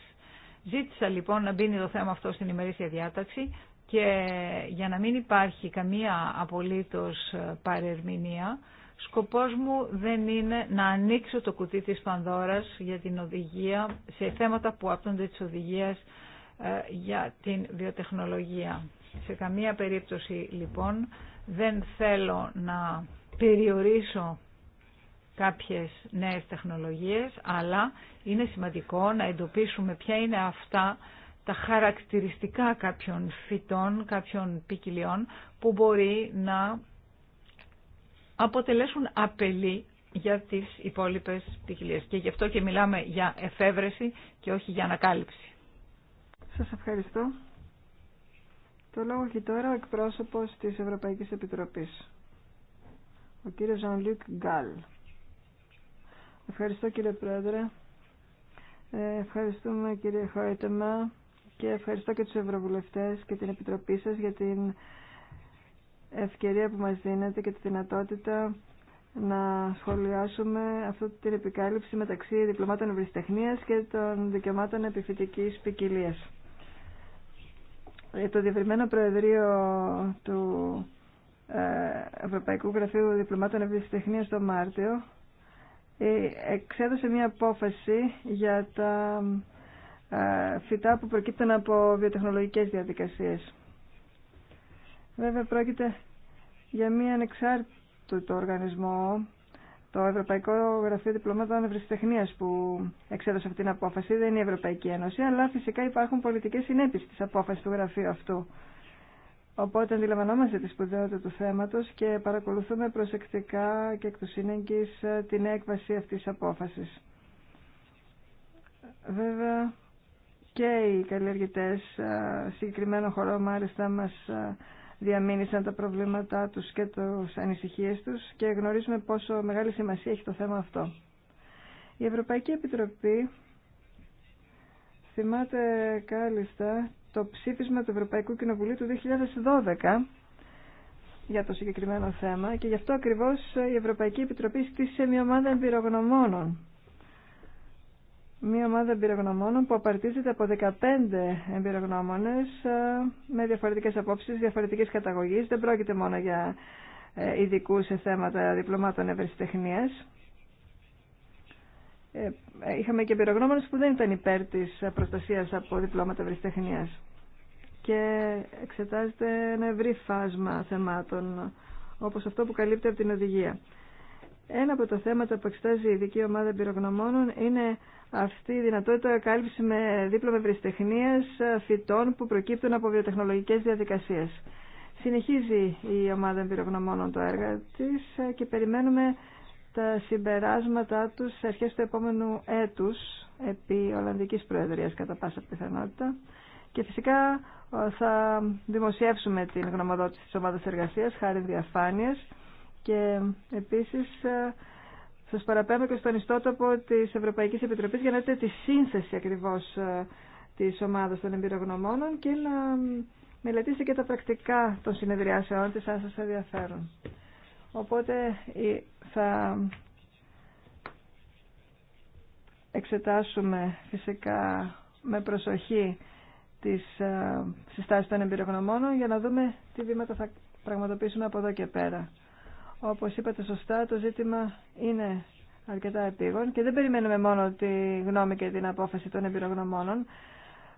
Ζήτησα λοιπόν να μπει το θέμα αυτό στην ημερήσια διάταξη και για να μην υπάρχει καμία απολύτως ε, παρερμηνία, σκοπός μου δεν είναι να ανοίξω το κουτί της Πανδώρας για την οδηγία σε θέματα που άπτονται της οδηγίας ε, για την βιοτεχνολογία. Σε καμία περίπτωση λοιπόν δεν θέλω να περιορίσω κάποιες νέες τεχνολογίες, αλλά είναι σημαντικό να εντοπίσουμε ποια είναι αυτά τα χαρακτηριστικά κάποιων φυτών, κάποιων ποικιλιών που μπορεί να αποτελέσουν απελή για τις υπόλοιπες ποικιλίε. Και γι' αυτό και μιλάμε για εφεύρεση και όχι για ανακάλυψη. Σας ευχαριστώ. Το λόγο έχει τώρα ο εκπρόσωπος της Ευρωπαϊκής Επιτροπής, ο κύριος Ζανλίκ Γκάλ. Ευχαριστώ κύριε Πρόεδρε. Ε, ευχαριστούμε κύριε Χόιτεμα και ευχαριστώ και τους Ευρωβουλευτές και την Επιτροπή σας για την ευκαιρία που μας δίνετε και τη δυνατότητα να σχολιάσουμε αυτή την επικάλυψη μεταξύ διπλωμάτων ευρυστεχνίας και των δικαιωμάτων επιφυτικής ποικιλία. Ε, το διευρυμένο Προεδρείο του ε, Ευρωπαϊκού Γραφείου Διπλωμάτων Ευρωπαϊκής το Μάρτιο ε, εξέδωσε μία απόφαση για τα φυτά που προκύπτουν από βιοτεχνολογικές διαδικασίες. Βέβαια πρόκειται για μία ανεξάρτητο οργανισμό το Ευρωπαϊκό Γραφείο Διπλωμάτων Ευρεσιτεχνία που εξέδωσε αυτή την απόφαση δεν είναι η Ευρωπαϊκή Ένωση, αλλά φυσικά υπάρχουν πολιτικέ συνέπειε τη απόφαση του γραφείου αυτού. Οπότε αντιλαμβανόμαστε τη σπουδαιότητα του θέματο και παρακολουθούμε προσεκτικά και εκ του σύνεγγυ ε, την έκβαση αυτή τη απόφαση. Βέβαια και οι καλλιεργητέ ε, συγκεκριμένων χωρών μάλιστα μα ε, διαμήνυσαν τα προβλήματά τους και τις ανησυχίες τους και γνωρίζουμε πόσο μεγάλη σημασία έχει το θέμα αυτό. Η Ευρωπαϊκή Επιτροπή θυμάται κάλλιστα το ψήφισμα του Ευρωπαϊκού Κοινοβουλίου του 2012 για το συγκεκριμένο θέμα και γι' αυτό ακριβώς η Ευρωπαϊκή Επιτροπή στήσε μια ομάδα εμπειρογνωμόνων Μία ομάδα εμπειρογνωμόνων που απαρτίζεται από 15 εμπειρογνώμονες ε, με διαφορετικές απόψεις, διαφορετικές καταγωγής. Δεν πρόκειται μόνο για ε, ειδικού σε θέματα διπλωμάτων ευρεσιτεχνίας. Ε, είχαμε και εμπειρογνώμονες που δεν ήταν υπέρ της προστασίας από διπλώματα ευρεσιτεχνίας. Και εξετάζεται ένα ευρύ φάσμα θεμάτων, όπως αυτό που καλύπτει από την οδηγία. Ένα από τα θέματα που εξετάζει η ειδική ομάδα εμπειρογνωμόνων είναι αυτή η δυνατότητα κάλυψη με δίπλωμα ευρυστεχνία ε, φυτών που προκύπτουν από βιοτεχνολογικές διαδικασίες. Συνεχίζει η ομάδα εμπειρογνωμόνων το έργα τη ε, και περιμένουμε τα συμπεράσματά τους σε αρχές του επόμενου έτους επί Ολλανδικής Προεδρίας κατά πάσα πιθανότητα. Και φυσικά ε, θα δημοσιεύσουμε την γνωμοδότηση της ομάδας εργασίας χάρη διαφάνειας και επίσης σας παραπέμπω και στον ιστότοπο της Ευρωπαϊκής Επιτροπής για να δείτε τη σύνθεση ακριβώς ε, της ομάδας των εμπειρογνωμόνων και να μελετήσετε και τα πρακτικά των συνεδριάσεών της αν σας ενδιαφέρουν. Οπότε θα εξετάσουμε φυσικά με προσοχή τις ε, συστάσεις των εμπειρογνωμόνων για να δούμε τι βήματα θα πραγματοποιήσουμε από εδώ και πέρα. Όπως είπατε σωστά, το ζήτημα είναι αρκετά επίγον και δεν περιμένουμε μόνο τη γνώμη και την απόφαση των εμπειρογνωμόνων.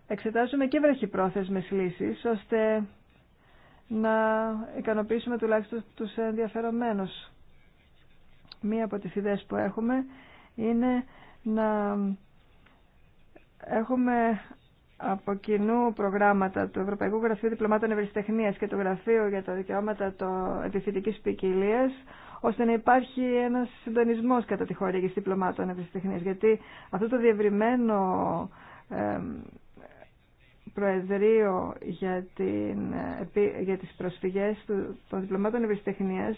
Εξετάζουμε και βραχυπρόθεσμες λύσεις, ώστε να ικανοποιήσουμε τουλάχιστον τους ενδιαφερομένους. Μία από τις ιδέες που έχουμε είναι να έχουμε από κοινού προγράμματα του Ευρωπαϊκού Γραφείου Διπλωμάτων Ευρυστεχνία και του Γραφείου για τα Δικαιώματα το Επιθετική Ποικιλία, ώστε να υπάρχει ένα συντονισμό κατά τη χορήγηση διπλωμάτων ευρυστεχνία. Γιατί αυτό το διευρυμένο ε, Προεδρείο για, την, για τις προσφυγές των διπλωμάτων ευρυστεχνίας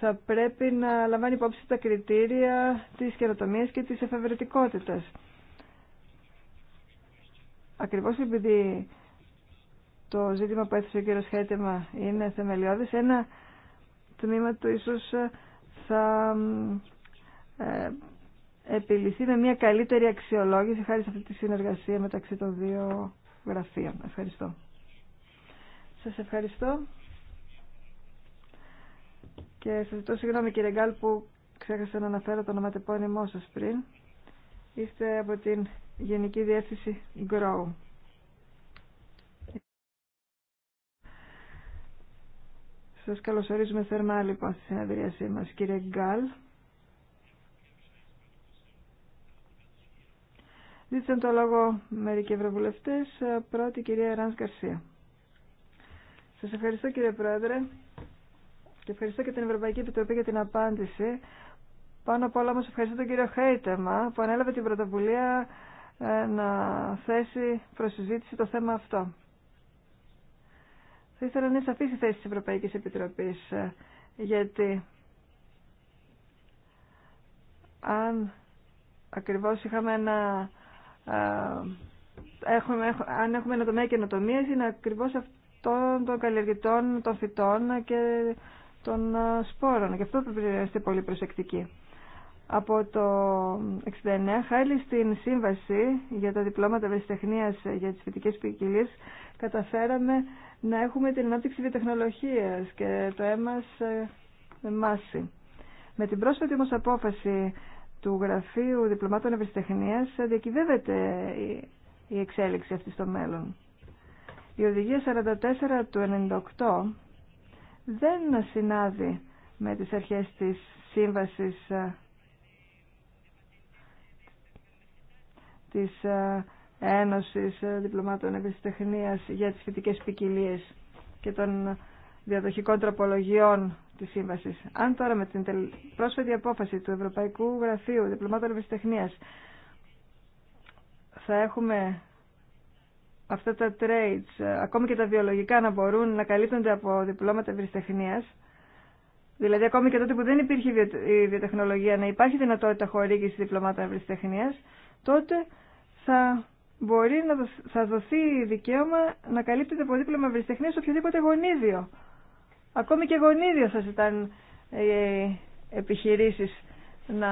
θα πρέπει να λαμβάνει υπόψη τα κριτήρια της καινοτομίας και της εφευρετικότητας ακριβώς επειδή το ζήτημα που έθεσε ο κύριος Χέτεμα είναι θεμελιώδης, ένα τμήμα του ίσως ε, θα ε, επιληθεί με μια καλύτερη αξιολόγηση χάρη σε αυτή τη συνεργασία μεταξύ των δύο γραφείων. Ευχαριστώ. Σας ευχαριστώ. Και σας ζητώ συγγνώμη κύριε Γκάλ που ξέχασα να αναφέρω το ονοματεπώνυμό σας πριν. Είστε από την Γενική Διεύθυνση Grow. Σας καλωσορίζουμε θερμά λοιπόν στη συνεδρίασή μας κύριε Γκάλ. Δίθεν το λόγο μερικοί ευρωβουλευτές. Πρώτη κυρία Ράνς Γκαρσία. Σας ευχαριστώ κύριε Πρόεδρε και ευχαριστώ και την Ευρωπαϊκή Επιτροπή για την απάντηση. Πάνω απ' όλα όμως ευχαριστώ τον κύριο Χέιτεμα που ανέλαβε την πρωτοβουλία να θέσει προς το θέμα αυτό. Θα ήθελα να είναι σαφή η θέση της Ευρωπαϊκής Επιτροπής, ε, γιατί αν ακριβώς είχαμε ένα... Ε, έχουμε, αν έχουμε ένα τομέα καινοτομία είναι ακριβώς αυτών των καλλιεργητών, των φυτών και των ε, σπόρων. και αυτό πρέπει να είστε πολύ προσεκτικοί από το 69 χάρη στην σύμβαση για τα διπλώματα ευρεσιτεχνίας για τις φυτικές ποικιλίε, καταφέραμε να έχουμε την ανάπτυξη βιοτεχνολογίας και το έμας με μάση. Με την πρόσφατη όμως απόφαση του Γραφείου Διπλωμάτων Ευρεσιτεχνίας διακυβεύεται η εξέλιξη αυτή στο μέλλον. Η Οδηγία 44 του 98 δεν συνάδει με τις αρχές της Σύμβασης της ε, Ένωσης ε, Διπλωμάτων Επιστεχνίας για τις φυτικές ποικιλίε και των διαδοχικών τροπολογιών τη σύμβαση. Αν τώρα με την πρόσφατη απόφαση του Ευρωπαϊκού Γραφείου Διπλωμάτων Επιστεχνίας θα έχουμε αυτά τα trades, ε, ακόμη και τα βιολογικά να μπορούν να καλύπτονται από διπλώματα ευρυστεχνίας, δηλαδή ακόμη και τότε που δεν υπήρχε η βιοτεχνολογία να υπάρχει δυνατότητα χορήγηση διπλωμάτων ευρυστεχνίας, τότε θα μπορεί να θα δοθεί δικαίωμα να καλύπτεται από δίπλωμα ευρυστεχνία σε οποιοδήποτε γονίδιο. Ακόμη και γονίδιο θα ζητάνε οι επιχειρήσεις να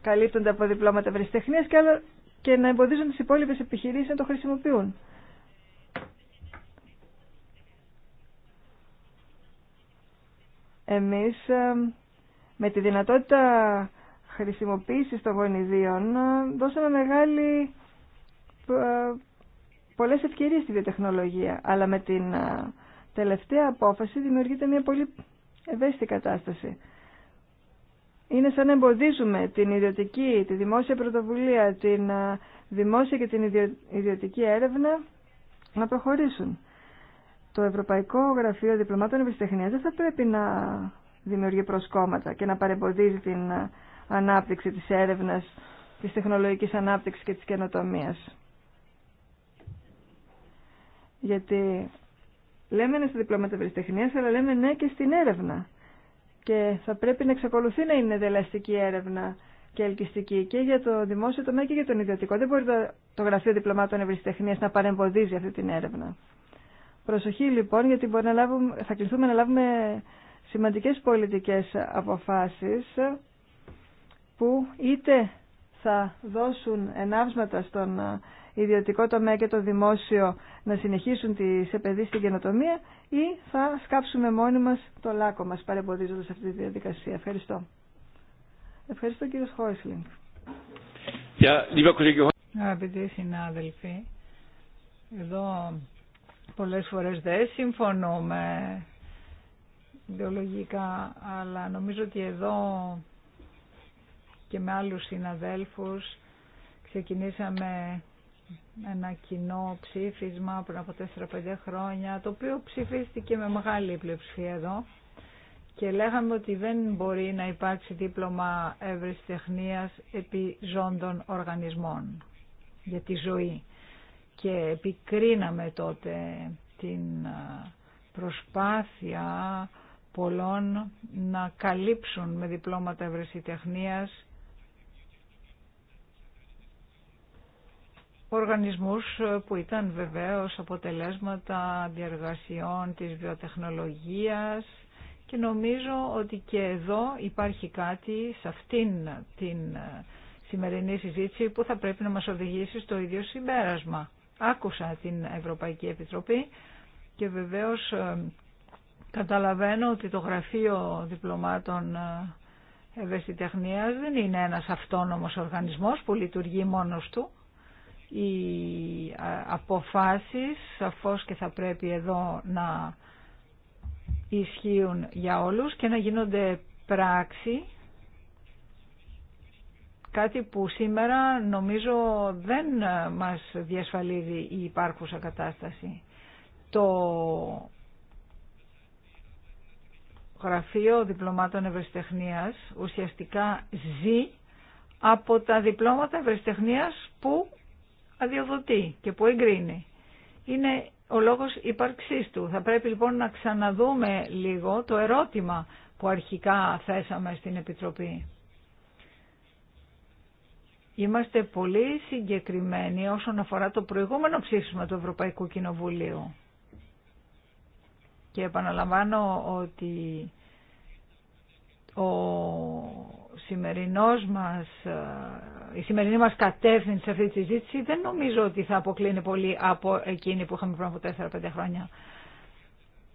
καλύπτονται από διπλώματα ευρυστεχνίας και, και να εμποδίζουν τις υπόλοιπες επιχειρήσεις να το χρησιμοποιούν. Εμείς ε, με τη δυνατότητα χρησιμοποίησης των γονιδίων δώσαμε μεγάλη ε, πολλές ευκαιρίες στη βιοτεχνολογία. Αλλά με την ε, τελευταία απόφαση δημιουργείται μια πολύ ευαίσθητη κατάσταση. Είναι σαν να εμποδίζουμε την ιδιωτική, τη δημόσια πρωτοβουλία, την ε, δημόσια και την ιδιωτική έρευνα να προχωρήσουν. Το Ευρωπαϊκό Γραφείο Διπλωμάτων Επιστεχνίας δεν θα πρέπει να δημιουργεί προσκόμματα και να παρεμποδίζει την ανάπτυξη της έρευνας, της τεχνολογικής ανάπτυξης και της καινοτομίας. Γιατί λέμε ναι στα διπλώματα ευρυστεχνίας, αλλά λέμε ναι και στην έρευνα. Και θα πρέπει να εξακολουθεί να είναι δελαστική έρευνα και ελκυστική και για το δημόσιο τομέα και για τον ιδιωτικό. Δεν μπορεί το Γραφείο Διπλωμάτων Ευρυστεχνίας να παρεμποδίζει αυτή την έρευνα. Προσοχή λοιπόν, γιατί θα κληθούμε να λάβουμε σημαντικές πολιτικές αποφάσεις που είτε θα δώσουν ενάψματα στον ε, ιδιωτικό τομέα και το δημόσιο να συνεχίσουν τις παιδί στην καινοτομία ή θα σκάψουμε μόνοι μας το λάκκο μας παρεμποδίζοντας αυτή τη διαδικασία. Ευχαριστώ. Ευχαριστώ κύριο Χόισλινγκ. Αγαπητοί συνάδελφοι, εδώ πολλές φορές δεν συμφωνούμε ιδεολογικά, αλλά νομίζω ότι εδώ και με άλλους συναδέλφους ξεκινήσαμε ένα κοινό ψήφισμα πριν από 4-5 χρόνια, το οποίο ψηφίστηκε με μεγάλη πλειοψηφία εδώ και λέγαμε ότι δεν μπορεί να υπάρξει δίπλωμα τεχνίας επί ζώντων οργανισμών για τη ζωή. Και επικρίναμε τότε την προσπάθεια πολλών να καλύψουν με διπλώματα ευρεσιτεχνίας οργανισμούς ε, που ήταν βεβαίως αποτελέσματα διαργασιών της βιοτεχνολογίας και νομίζω ότι και εδώ υπάρχει κάτι σε αυτήν την ε, σημερινή συζήτηση που θα πρέπει να μας οδηγήσει στο ίδιο συμπέρασμα. Άκουσα την Ευρωπαϊκή Επιτροπή και βεβαίως ε, καταλαβαίνω ότι το γραφείο διπλωμάτων ευαισθητεχνίας δεν είναι ένας αυτόνομος οργανισμός που λειτουργεί μόνος του οι αποφάσεις σαφώς και θα πρέπει εδώ να ισχύουν για όλους και να γίνονται πράξη κάτι που σήμερα νομίζω δεν μας διασφαλίζει η υπάρχουσα κατάσταση. Το Γραφείο Διπλωμάτων Ευρεσιτεχνίας ουσιαστικά ζει από τα διπλώματα ευρεσιτεχνίας που αδειοδοτεί και που εγκρίνει. Είναι ο λόγος ύπαρξής του. Θα πρέπει λοιπόν να ξαναδούμε λίγο το ερώτημα που αρχικά θέσαμε στην Επιτροπή. Είμαστε πολύ συγκεκριμένοι όσον αφορά το προηγούμενο ψήφισμα του Ευρωπαϊκού Κοινοβουλίου. Και επαναλαμβάνω ότι ο σημερινός μας η σημερινή μας κατεύθυνση σε αυτή τη συζήτηση δεν νομίζω ότι θα αποκλίνει πολύ από εκείνη που είχαμε πριν από 4-5 χρόνια.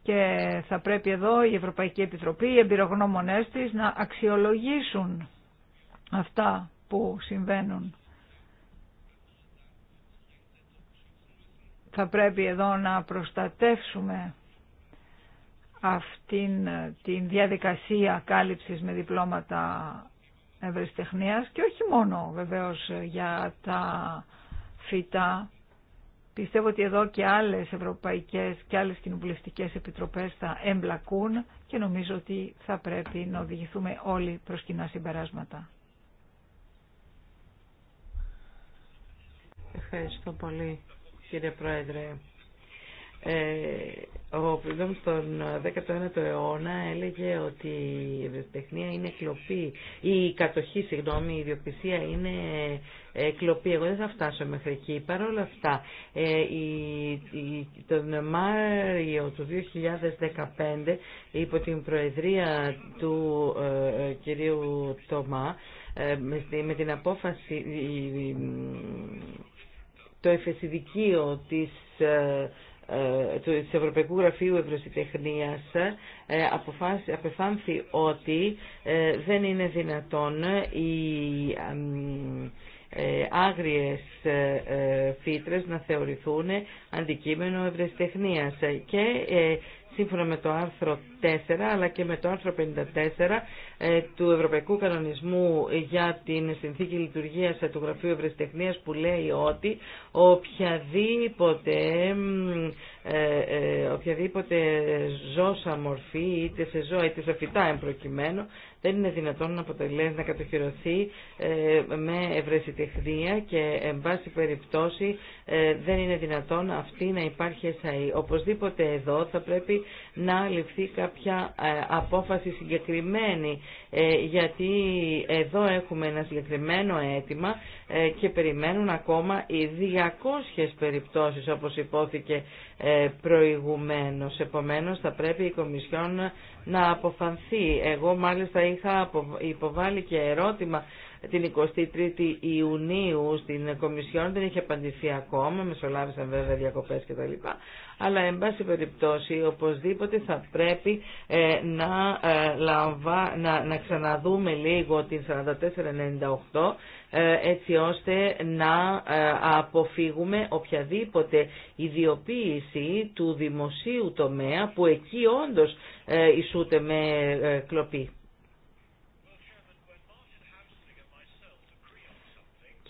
Και θα πρέπει εδώ η Ευρωπαϊκή Επιτροπή, οι εμπειρογνώμονές της να αξιολογήσουν αυτά που συμβαίνουν. Θα πρέπει εδώ να προστατεύσουμε αυτήν την διαδικασία κάλυψης με διπλώματα ευρεσιτεχνίας και όχι μόνο βεβαίως για τα φυτά. Πιστεύω ότι εδώ και άλλες ευρωπαϊκές και άλλες κοινοβουλευτικές επιτροπές θα εμπλακούν και νομίζω ότι θα πρέπει να οδηγηθούμε όλοι προς κοινά συμπεράσματα. Ευχαριστώ πολύ κύριε Πρόεδρε. Ε, ο Φρίδομ στον 19ο αιώνα έλεγε ότι η ευρεσιτεχνία είναι κλοπή, η κατοχή, συγγνώμη, η ιδιοκτησία είναι ε, κλοπή. Εγώ δεν θα φτάσω μέχρι εκεί. Παρ' όλα αυτά, ε, τον Μάριο του 2015, υπό την προεδρία του κυρίου Τωμά, με την απόφαση, το εφεσιδικείο της ε, του Ευρωπαϊκού Γραφείου Ευρωσιτεχνίας ε, απεφάνθη ότι ε, δεν είναι δυνατόν οι άγριες φύτρες να θεωρηθούν αντικείμενο ευρεσιτεχνίας και σύμφωνα με το άρθρο αλλά και με το άρθρο 54 ε, του Ευρωπαϊκού Κανονισμού για την Συνθήκη Λειτουργίας του Γραφείου Ευρεσιτεχνίας που λέει ότι οποιαδήποτε, ε, ε, οποιαδήποτε ζώσα μορφή είτε σε ζώα είτε σε φυτά εμπροκειμένο δεν είναι δυνατόν να αποτελέσει να κατοχυρωθεί με ευρεσιτεχνία και εν πάση περιπτώσει δεν είναι δυνατόν αυτή να υπάρχει εσαΐ. Οπωσδήποτε εδώ θα πρέπει να ληφθεί κάποια κάποια ε, απόφαση συγκεκριμένη ε, γιατί εδώ έχουμε ένα συγκεκριμένο αίτημα ε, και περιμένουν ακόμα οι 200 περιπτώσεις όπως υπόθηκε προηγουμένως. Επομένως θα πρέπει η Κομισιόν να αποφανθεί. Εγώ μάλιστα είχα υποβάλει και ερώτημα την 23η Ιουνίου στην Κομισιόν, δεν είχε απαντηθεί ακόμα, μεσολάβησαν βέβαια διακοπές κτλ. Αλλά εν πάση περιπτώσει οπωσδήποτε θα πρέπει ε, να, ε, να, να ξαναδούμε λίγο την 4498 ε, έτσι ώστε να αποφύγουμε οποιαδήποτε ιδιοποίηση του δημοσίου τομέα που εκεί όντως ισούται με κλοπή.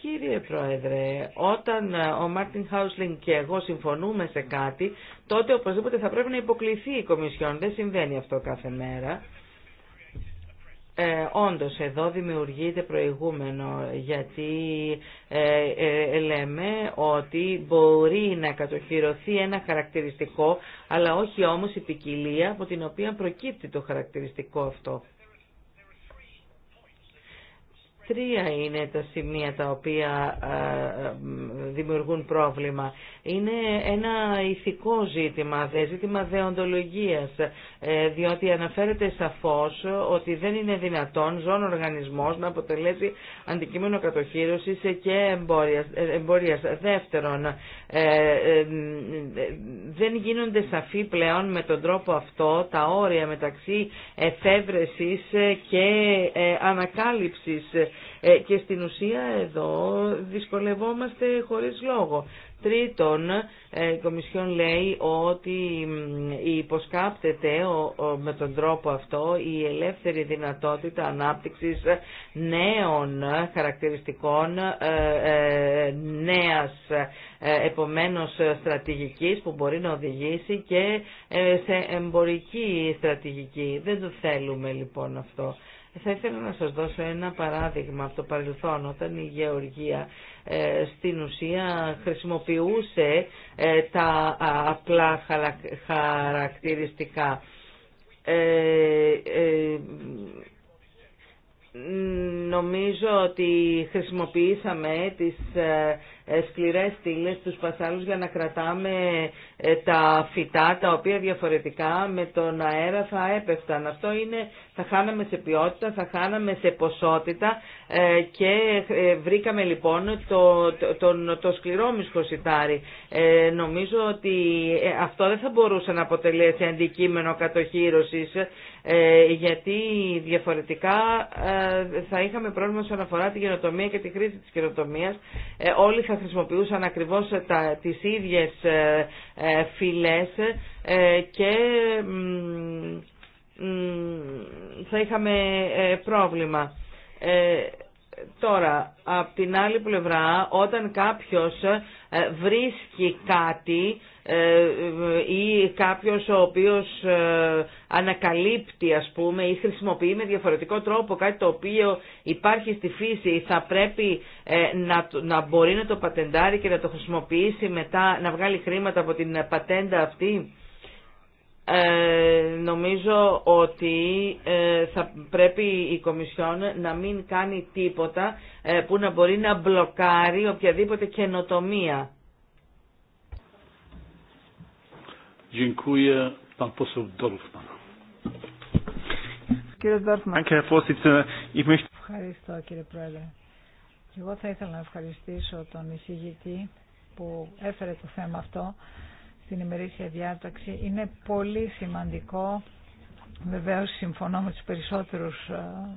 Κύριε Πρόεδρε, όταν ε, ο Μάρτιν Χάουσλινγκ και εγώ συμφωνούμε σε κάτι, τότε οπωσδήποτε θα πρέπει να υποκληθεί η Κομισιόν. Δεν συμβαίνει αυτό κάθε μέρα. Ε, όντως εδώ δημιουργείται προηγούμενο γιατί ε, ε, ε λέμε ότι μπορεί να κατοχυρωθεί ένα χαρακτηριστικό αλλά όχι όμως η ποικιλία από την οποία προκύπτει το χαρακτηριστικό αυτό. Τρία είναι τα σημεία τα οποία ε, ε, δημιουργούν πρόβλημα. Είναι ένα ηθικό ζήτημα, ζήτημα δεοντολογίας, ε, διότι αναφέρεται σαφώς ότι δεν είναι δυνατόν ζών οργανισμός να αποτελέσει αντικείμενο κατοχήρωσης και εμπορίας. Δεύτερον, δεν γίνονται σαφή πλέον με τον τρόπο αυτό τα όρια μεταξύ εφεύρεσης και ανακάλυψης ε, και στην ουσία εδώ δυσκολευόμαστε χωρίς λόγο. Τρίτον, ε, η Κομισιόν λέει ότι υποσκάπτεται με τον τρόπο αυτό η ελεύθερη δυνατότητα ανάπτυξης νέων χαρακτηριστικών ε, νέας επομένως στρατηγικής που μπορεί να οδηγήσει και σε εμπορική στρατηγική. Δεν το θέλουμε λοιπόν αυτό. Θα ήθελα να σας δώσω ένα παράδειγμα από το παρελθόν όταν η Γεωργία ε, στην ουσία χρησιμοποιούσε ε, τα απλά χαρακτηριστικά. Ε, νομίζω ότι χρησιμοποιήσαμε τις ε, σκληρές στήλες στους πασάλους για να κρατάμε ε, τα φυτά τα οποία διαφορετικά με τον αέρα θα έπεφταν. Αυτό είναι, θα χάναμε σε ποιότητα, θα χάναμε σε ποσότητα ε, και βρήκαμε λοιπόν το, το, το, σκληρό μισχοσιτάρι. Ε, νομίζω ότι αυτό δεν θα μπορούσε να αποτελέσει αντικείμενο κατοχύρωσης γιατί διαφορετικά θα είχαμε πρόβλημα σε αναφορά τη γενοτομία και τη χρήση της καινοτομία. όλοι θα χρησιμοποιούσαν ακριβώς τα, τις ίδιες ε, ε, φυλές ε, και θα είχαμε πρόβλημα. Τώρα, από την άλλη πλευρά, όταν κάποιος βρίσκει κάτι ε, ε, ή κάποιος ο οποίος ε, ανακαλύπτει ας πούμε ή χρησιμοποιεί με διαφορετικό τρόπο κάτι το οποίο υπάρχει στη φύση θα πρέπει να, να μπορεί να το πατεντάρει και να το χρησιμοποιήσει μετά να βγάλει χρήματα από την πατέντα αυτή. νομίζω ότι θα πρέπει η Κομισιόν να μην κάνει τίποτα που να μπορεί να μπλοκάρει οποιαδήποτε καινοτομία. Dziękuję. Pan poseł Dorfman. Ευχαριστώ κύριε Πρόεδρε. Εγώ θα ήθελα να ευχαριστήσω τον εισηγητή που έφερε το θέμα αυτό στην ημερήσια διάταξη. Είναι πολύ σημαντικό. Βεβαίως συμφωνώ με τους περισσότερους ε,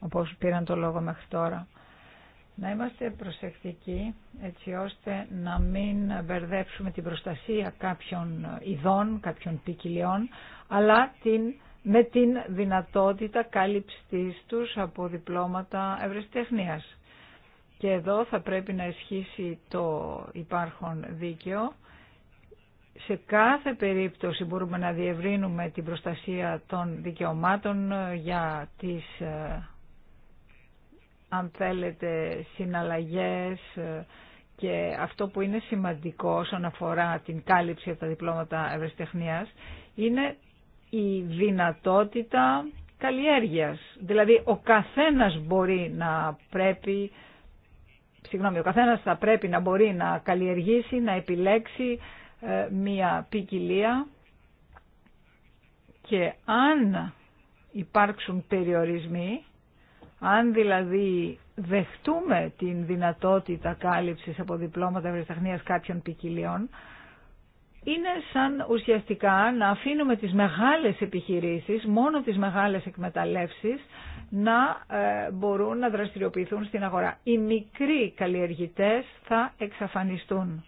όπως πήραν το λόγο μέχρι τώρα. Να είμαστε προσεκτικοί έτσι ώστε να μην μπερδέψουμε την προστασία κάποιων ειδών, κάποιων ποικιλιών, αλλά την, με την δυνατότητα κάλυψης τους από διπλώματα ευρεσιτεχνίας. Και εδώ θα πρέπει να ισχύσει το υπάρχον δίκαιο. Σε κάθε περίπτωση μπορούμε να διευρύνουμε την προστασία των δικαιωμάτων για τις ε, αν θέλετε, συναλλαγές ε, και αυτό που είναι σημαντικό όσον αφορά την κάλυψη από τα διπλώματα ευρεσιτεχνίας είναι η δυνατότητα καλλιέργειας. Δηλαδή ο καθένας μπορεί να πρέπει, συγγνώμη, ο καθένας θα πρέπει να μπορεί να καλλιεργήσει, να επιλέξει ε, μία ποικιλία και αν υπάρξουν περιορισμοί αν δηλαδή δεχτούμε την δυνατότητα κάλυψης από διπλώματα ευρεσταχνίας κάποιων ποικιλιών, είναι σαν ουσιαστικά να αφήνουμε τις μεγάλες επιχειρήσεις, μόνο τις μεγάλες εκμεταλλεύσεις, να ε, μπορούν να δραστηριοποιηθούν στην αγορά. Οι μικροί καλλιεργητές θα εξαφανιστούν.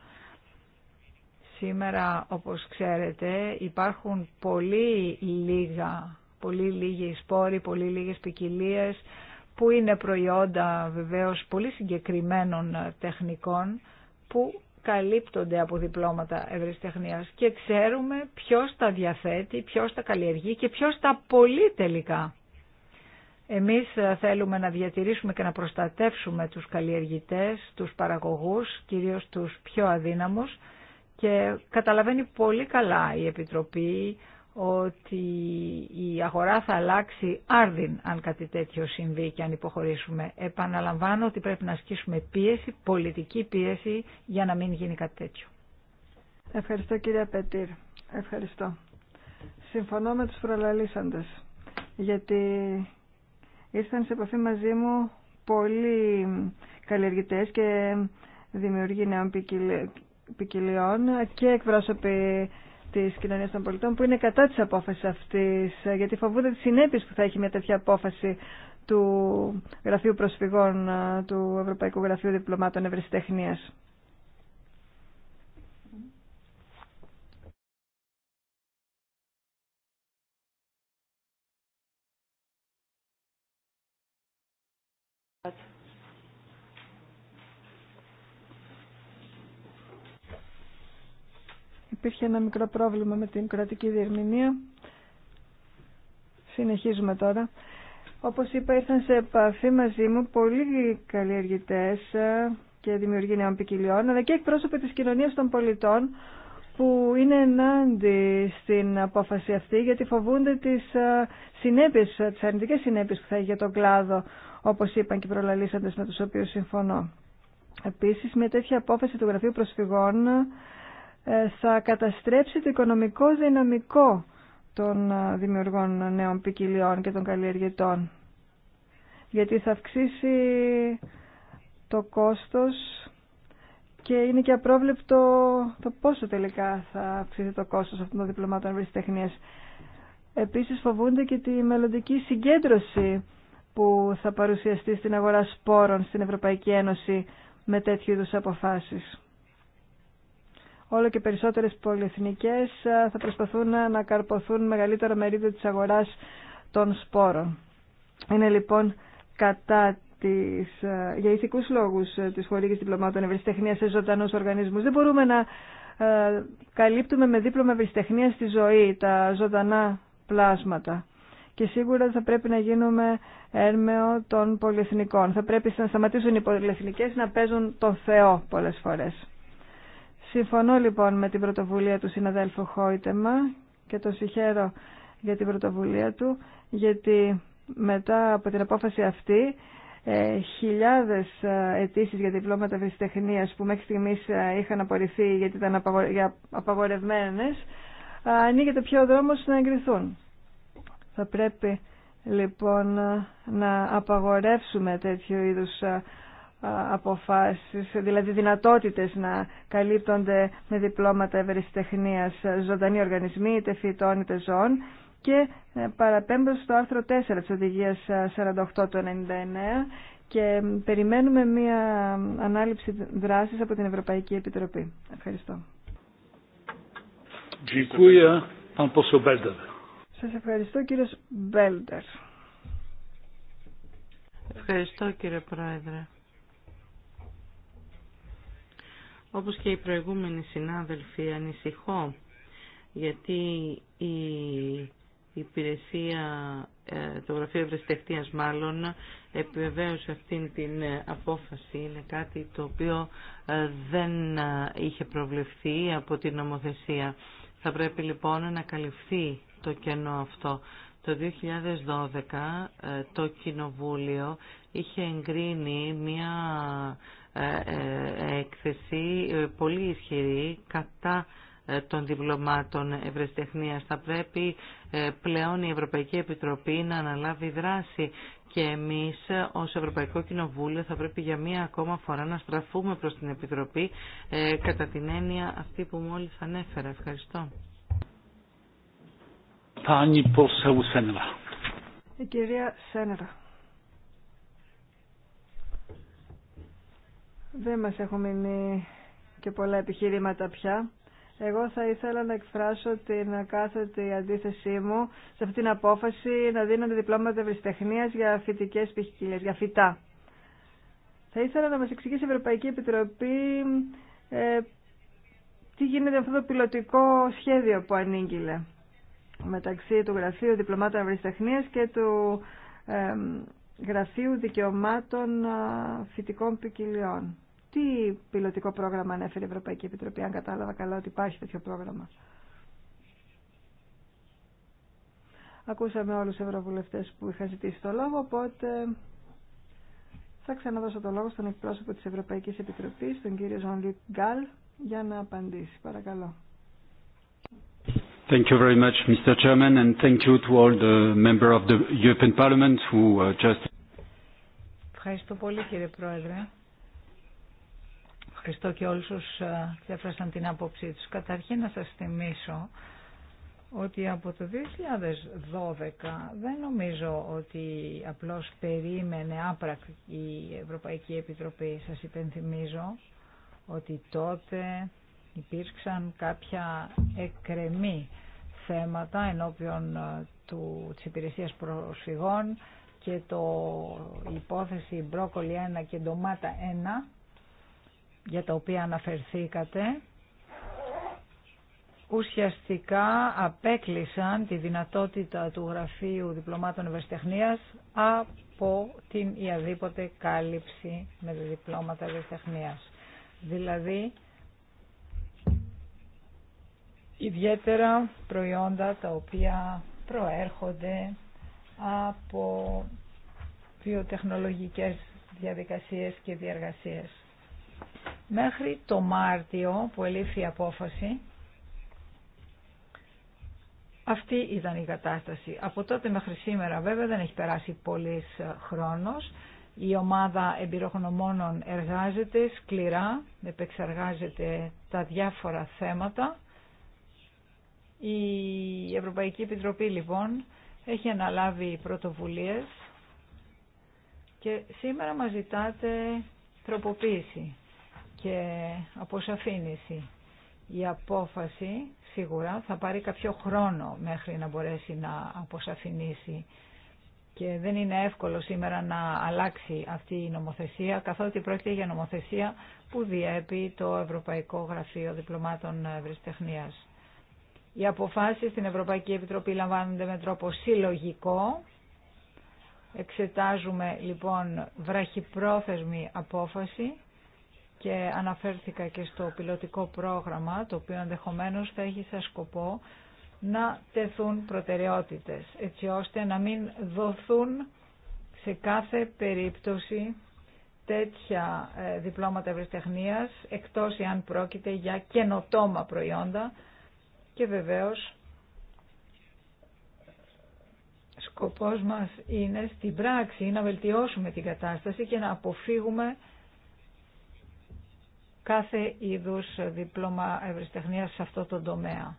Σήμερα, όπως ξέρετε, υπάρχουν πολύ λίγα, πολύ λίγοι σπόροι, πολύ λίγες ποικιλίε που είναι προϊόντα βεβαίως πολύ συγκεκριμένων τεχνικών που καλύπτονται από διπλώματα ευρεσιτεχνίας και ξέρουμε ποιος τα διαθέτει, ποιος τα καλλιεργεί και ποιος τα πολύ τελικά. Εμείς θέλουμε να διατηρήσουμε και να προστατεύσουμε τους καλλιεργητές, τους παραγωγούς, κυρίως τους πιο αδύναμους και καταλαβαίνει πολύ καλά η Επιτροπή ότι η αγορά θα αλλάξει άρδιν αν κάτι τέτοιο συμβεί και αν υποχωρήσουμε. Επαναλαμβάνω ότι πρέπει να ασκήσουμε πίεση, πολιτική πίεση, για να μην γίνει κάτι τέτοιο. Ευχαριστώ κύριε Πετήρ. Ευχαριστώ. Συμφωνώ με τους προλαλήσαντες, γιατί ήρθαν σε επαφή μαζί μου πολλοί καλλιεργητές και δημιουργοί νέων ποικιλιών και εκπρόσωποι τη κοινωνία των πολιτών που είναι κατά τη απόφαση αυτή, ε, γιατί φοβούνται τι συνέπειε που θα έχει μια τέτοια απόφαση του Γραφείου Προσφυγών ε, του Ευρωπαϊκού Γραφείου Διπλωμάτων Ευρεσιτεχνία. Έχει ένα μικρό πρόβλημα με την κρατική διερμηνία. Συνεχίζουμε τώρα. Όπως είπα, ήρθαν σε επαφή μαζί μου πολλοί καλλιεργητέ ε, και δημιουργοί νέων ποικιλιών, αλλά και εκπρόσωποι της κοινωνίας των πολιτών, που είναι ενάντια στην απόφαση αυτή, γιατί φοβούνται τις ε, συνέπειες, τις αρνητικές συνέπειες που θα έχει για τον κλάδο, όπως είπαν και οι προλαλήσαντες με τους οποίους συμφωνώ. Επίσης, μια τέτοια απόφαση του Γραφείου Προσφυγών ε, θα καταστρέψει το οικονομικό δυναμικό των ε, δημιουργών νέων ποικιλιών και των καλλιεργητών. Γιατί θα αυξήσει το κόστος και είναι και απρόβλεπτο το πόσο τελικά θα αυξήσει το κόστος αυτών των διπλωμάτων τεχνίας. Επίσης φοβούνται και τη μελλοντική συγκέντρωση που θα παρουσιαστεί στην αγορά σπόρων στην Ευρωπαϊκή Ένωση με τέτοιου είδους αποφάσεις όλο και περισσότερες πολυεθνικές ε, θα προσπαθούν να καρποθούν μεγαλύτερο μερίδιο της αγοράς των σπόρων. Είναι λοιπόν κατά της, ε, για ηθικούς λόγους ε, της χορήγης διπλωμάτων ευρυστεχνία σε ζωντανούς οργανισμούς. Δεν μπορούμε να καλύπτουμε με δίπλωμα ευρεσιτεχνία στη ζωή τα ζωντανά πλάσματα. Και σίγουρα θα πρέπει να γίνουμε έρμεο των πολυεθνικών. Θα πρέπει να σταματήσουν οι πολυεθνικές να παίζουν τον Θεό πολλές φορές. Συμφωνώ λοιπόν με την πρωτοβουλία του συναδέλφου Χόιτεμα και το συγχαίρω για την πρωτοβουλία του, γιατί μετά από την απόφαση αυτή ε, χιλιάδες ε, αιτήσει για διπλώματα βριστεχνίας που μέχρι στιγμής ε, είχαν απορριφθεί γιατί ήταν απαγορευμένες, ε, ανοίγεται πιο ο δρόμος να εγκριθούν. Θα πρέπει λοιπόν να απαγορεύσουμε τέτοιου είδους αποφάσεις, δηλαδή δυνατότητες να καλύπτονται με διπλώματα ευρεσιτεχνίας ε, ζωντανοί οργανισμοί, είτε φυτών είτε ζώων και ε, παραπέμπω στο άρθρο 4 της οδηγίας 48 ε, του 99 και περιμένουμε μια ανάληψη δράσης από την Ευρωπαϊκή Επιτροπή. Ευχαριστώ. Σας ευχαριστώ κύριος Μπέλτερ. Ευχαριστώ κύριε Πρόεδρε. Όπως και οι προηγούμενοι συνάδελφοι ανησυχώ γιατί η υπηρεσία, ε, το Γραφείο Ευρεσιτεχνίας μάλλον, επιβεβαίωσε αυτήν την ε, απόφαση. Είναι κάτι το οποίο ε, δεν είχε προβλεφθεί από την νομοθεσία. Θα πρέπει λοιπόν να καλυφθεί το κενό αυτό. Το 2012 το Κοινοβούλιο είχε εγκρίνει μια ε, ε, έκθεση ε, πολύ ισχυρή κατά των διπλωμάτων ευρεσιτεχνίας. Θα πρέπει πλέον η Ευρωπαϊκή Επιτροπή να αναλάβει δράση και εμείς ως Ευρωπαϊκό Κοινοβούλιο θα πρέπει για μία ακόμα φορά να στραφούμε προς την Επιτροπή κατά την έννοια αυτή που μόλις ανέφερα. Ευχαριστώ. Η κυρία Σένερα. Δεν μας έχουν μείνει και πολλά επιχειρήματα πια. Εγώ θα ήθελα να εκφράσω την κάθετη αντίθεσή μου σε αυτή την απόφαση να δίνονται διπλώματα ευρυστεχνία για φυτικές ποικιλίε, για φυτά. Θα ήθελα να μα εξηγήσει η Ευρωπαϊκή Επιτροπή ε, τι γίνεται με αυτό το πιλωτικό σχέδιο που ανήγγειλε μεταξύ του Γραφείου Διπλωμάτων Ευρυστεχνία και του ε, Γραφείου Δικαιωμάτων ε, Φυτικών Ποικιλιών. Τι πιλωτικό πρόγραμμα ανέφερε η Ευρωπαϊκή Επιτροπή, αν κατάλαβα καλά ότι υπάρχει τέτοιο πρόγραμμα. Ακούσαμε όλους τους ευρωβουλευτές που είχαν ζητήσει το λόγο, οπότε θα ξαναδώσω το λόγο στον εκπρόσωπο της Ευρωπαϊκής Επιτροπής, τον κύριο Ζων Γκάλ, για να απαντήσει. Παρακαλώ. Thank you very much, Mr. Chairman, and thank you to all the of the European Parliament who uh, just... Ευχαριστώ πολύ, κύριε Πρόεδρε ευχαριστώ και όλους όσους έφρασαν την άποψή τους. Καταρχήν να σας θυμίσω ότι από το 2012 δεν νομίζω ότι απλώς περίμενε άπρακτη η Ευρωπαϊκή Επιτροπή. Σας υπενθυμίζω ότι τότε υπήρξαν κάποια εκκρεμή θέματα ενώπιον του, της υπηρεσίας προσφυγών και το υπόθεση μπρόκολι 1 και ντομάτα 1 για τα οποία αναφερθήκατε ουσιαστικά απέκλεισαν τη δυνατότητα του Γραφείου Διπλωμάτων Ευαισθητεχνίας από την ιαδήποτε κάλυψη με διπλώματα ευαισθητεχνίας. Δηλαδή, ιδιαίτερα προϊόντα τα οποία προέρχονται από βιοτεχνολογικές διαδικασίες και διαργασίες. Μέχρι το Μάρτιο που ελήφθη η απόφαση, αυτή ήταν η κατάσταση. Από τότε μέχρι σήμερα βέβαια δεν έχει περάσει πολύς ε, χρόνος. Η ομάδα εμπειρογνωμόνων εργάζεται σκληρά, επεξεργάζεται τα διάφορα θέματα. Η Ευρωπαϊκή Επιτροπή λοιπόν έχει αναλάβει πρωτοβουλίες και σήμερα μας ζητάτε τροποποίηση και αποσαφήνιση. Η απόφαση σίγουρα θα πάρει κάποιο χρόνο μέχρι να μπορέσει να αποσαφηνίσει και δεν είναι εύκολο σήμερα να αλλάξει αυτή η νομοθεσία καθότι πρόκειται για νομοθεσία που διέπει το Ευρωπαϊκό Γραφείο Διπλωμάτων Ευρυστεχνίας. Οι αποφάσεις στην Ευρωπαϊκή Επιτροπή λαμβάνονται με τρόπο συλλογικό. Εξετάζουμε λοιπόν βραχυπρόθεσμη απόφαση και αναφέρθηκα και στο πιλωτικό πρόγραμμα, το οποίο ενδεχομένω θα έχει σαν σκοπό να τεθούν προτεραιότητες, έτσι ώστε να μην δοθούν σε κάθε περίπτωση τέτοια ε, διπλώματα ευρεσιτεχνίας, εκτός εάν πρόκειται για καινοτόμα προϊόντα και βεβαίως σκοπός μας είναι στην πράξη να βελτιώσουμε την κατάσταση και να αποφύγουμε κάθε είδους δίπλωμα ευρεσιτεχνίας σε αυτό το τομέα.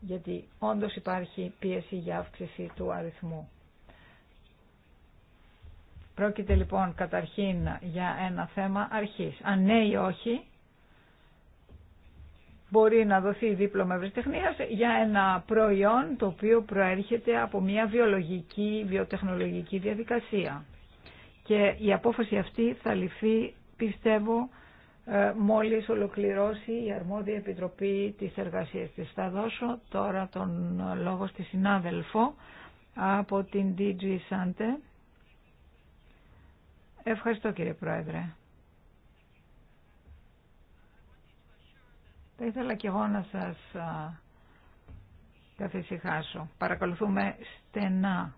Γιατί όντως υπάρχει πίεση για αύξηση του αριθμού. Πρόκειται λοιπόν καταρχήν για ένα θέμα αρχής. Αν ναι ή όχι, μπορεί να δοθεί δίπλωμα ευρεσιτεχνίας για ένα προϊόν το οποίο προέρχεται από μια βιολογική, βιοτεχνολογική διαδικασία. Και η απόφαση αυτή θα ληφθεί, πιστεύω, ε, μόλις ολοκληρώσει η αρμόδια επιτροπή της εργασίας της. Θα δώσω τώρα τον λόγο στη συνάδελφο από την DG Sante. Ευχαριστώ κύριε Πρόεδρε. Θα ήθελα και εγώ να σας καθησυχάσω. Παρακολουθούμε στενά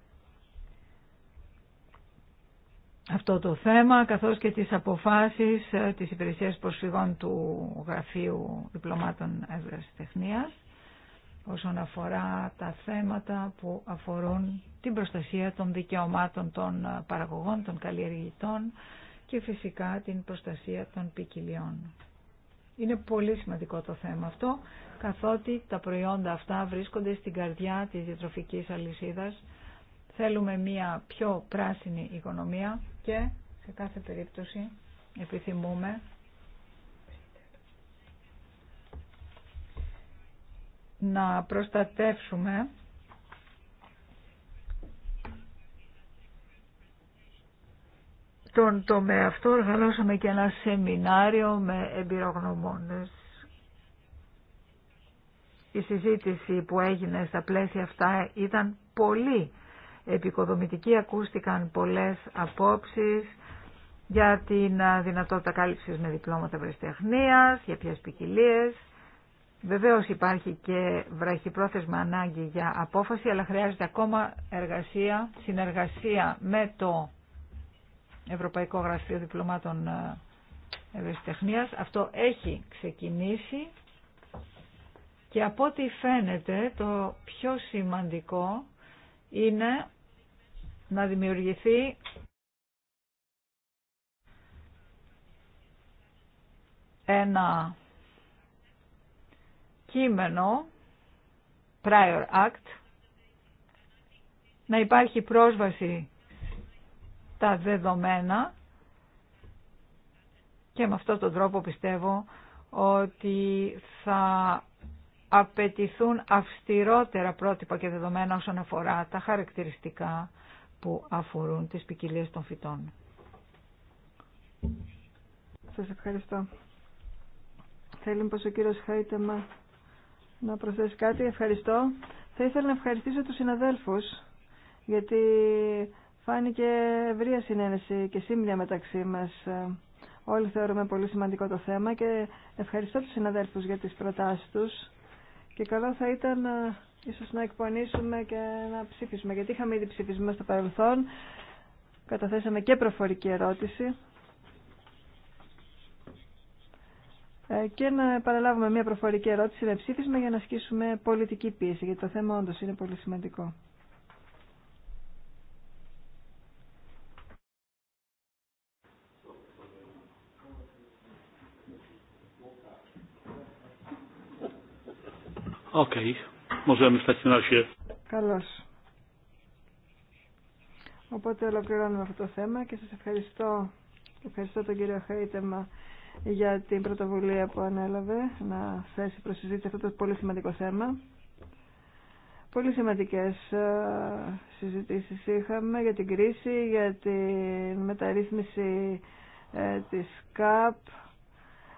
αυτό το θέμα, καθώς και τις αποφάσεις ε, της υπηρεσίας προσφυγών του Γραφείου Διπλωμάτων Τεχνίας όσον αφορά τα θέματα που αφορούν την προστασία των δικαιωμάτων των ε, παραγωγών, των καλλιεργητών και φυσικά την προστασία των ποικιλιών. Είναι πολύ σημαντικό το θέμα αυτό, καθότι τα προϊόντα αυτά βρίσκονται στην καρδιά της διατροφικής αλυσίδας. Θέλουμε μια πιο πράσινη οικονομία και σε κάθε περίπτωση επιθυμούμε να προστατεύσουμε τον τομέα αυτό οργανώσαμε και ένα σεμινάριο με εμπειρογνωμόνες. Η συζήτηση που έγινε στα πλαίσια αυτά ήταν πολύ επικοδομητική. Ακούστηκαν πολλές απόψεις για την δυνατότητα κάλυψης με διπλώματα βρεστεχνίας, για ποιες ποικιλίε. Βεβαίως υπάρχει και βραχυπρόθεσμα ανάγκη για απόφαση, αλλά χρειάζεται ακόμα εργασία, συνεργασία με το Ευρωπαϊκό Γραφείο Διπλωμάτων Ευρεσιτεχνίας. Αυτό έχει ξεκινήσει και από ό,τι φαίνεται το πιο σημαντικό είναι να δημιουργηθεί ένα κείμενο Prior Act να υπάρχει πρόσβαση τα δεδομένα και με αυτόν τον τρόπο πιστεύω ότι θα απαιτηθούν αυστηρότερα πρότυπα και δεδομένα όσον αφορά τα χαρακτηριστικά που αφορούν τις ποικιλίε των φυτών. Σας ευχαριστώ. Θέλει πως ο κύριος Χαϊτεμα να προσθέσει κάτι. Ευχαριστώ. Θα ήθελα να ευχαριστήσω τους συναδέλφους γιατί φάνηκε ευρία συνένεση και σύμπνοια μεταξύ μας. Όλοι θεωρούμε πολύ σημαντικό το θέμα και ευχαριστώ τους συναδέλφους για τις προτάσεις τους και καλό θα ήταν ίσως να εκπονήσουμε και να ψήφισουμε. γιατί είχαμε ήδη ψηφισμό στο παρελθόν, καταθέσαμε και προφορική ερώτηση ε, και να παραλάβουμε μια προφορική ερώτηση με ψήφισμα για να ασκήσουμε πολιτική πίεση, γιατί το θέμα όντω είναι πολύ σημαντικό. Okay możemy Καλώς. Οπότε ολοκληρώνουμε αυτό το θέμα και σας ευχαριστώ. Ευχαριστώ τον κύριο Χαίτεμα για την πρωτοβουλία που ανέλαβε να θέσει προς συζήτηση αυτό το πολύ σημαντικό θέμα. Πολύ σημαντικές ε, συζητήσεις είχαμε για την κρίση, για την μεταρρύθμιση ε, της ΚΑΠ,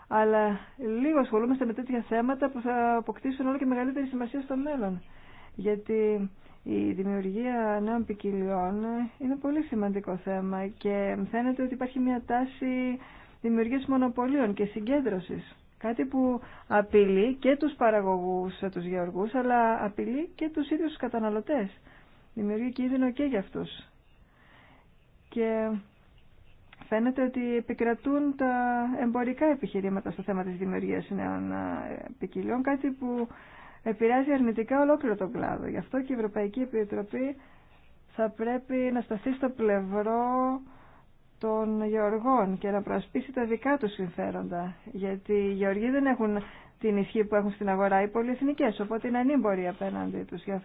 αλλά λίγο ασχολούμαστε με τέτοια θέματα που θα αποκτήσουν όλο και μεγαλύτερη σημασία στο μέλλον. Γιατί η δημιουργία νέων ποικιλιών είναι πολύ σημαντικό θέμα και φαίνεται ότι υπάρχει μια τάση δημιουργίας μονοπωλίων και συγκέντρωσης. Κάτι που απειλεί και τους παραγωγούς, ε, τους γεωργούς, αλλά απειλεί και τους ίδιους τους καταναλωτές. Δημιουργεί κίνδυνο και για αυτούς. Και φαίνεται ότι επικρατούν τα εμπορικά επιχειρήματα στο θέμα της δημιουργίας νέων ε, ποικιλιών, κάτι που επηρεάζει αρνητικά ολόκληρο τον κλάδο. Γι' αυτό και η Ευρωπαϊκή Επιτροπή θα πρέπει να σταθεί στο πλευρό των γεωργών και να προασπίσει τα δικά τους συμφέροντα. Γιατί οι γεωργοί δεν έχουν την ισχύ που έχουν στην αγορά οι πολυεθνικές, οπότε είναι ανήμποροι απέναντι τους. Γι'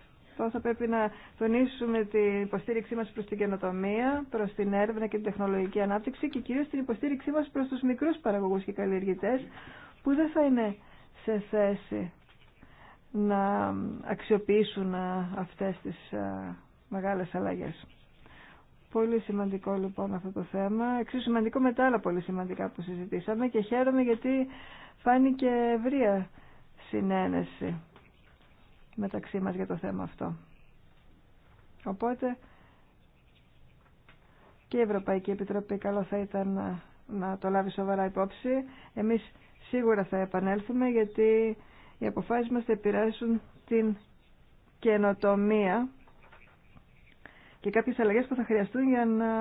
θα πρέπει να τονίσουμε την υποστήριξή μας προς την καινοτομία, προς την έρευνα και την τεχνολογική ανάπτυξη και κυρίως την υποστήριξή μας προς τους μικρούς παραγωγούς και καλλιεργητές που δεν θα είναι σε θέση να αξιοποιήσουν αυτές τις μεγάλες αλλαγές. Πολύ σημαντικό λοιπόν αυτό το θέμα. Εξίσου σημαντικό με τα άλλα πολύ σημαντικά που συζητήσαμε και χαίρομαι γιατί φάνηκε ευρεία συνένεση μεταξύ μας για το θέμα αυτό. Οπότε και η Ευρωπαϊκή Επιτροπή καλό θα ήταν να, να το λάβει σοβαρά υπόψη. Εμείς σίγουρα θα επανέλθουμε γιατί οι αποφάσεις μας θα επηρεάσουν την καινοτομία και κάποιες αλλαγές που θα χρειαστούν για να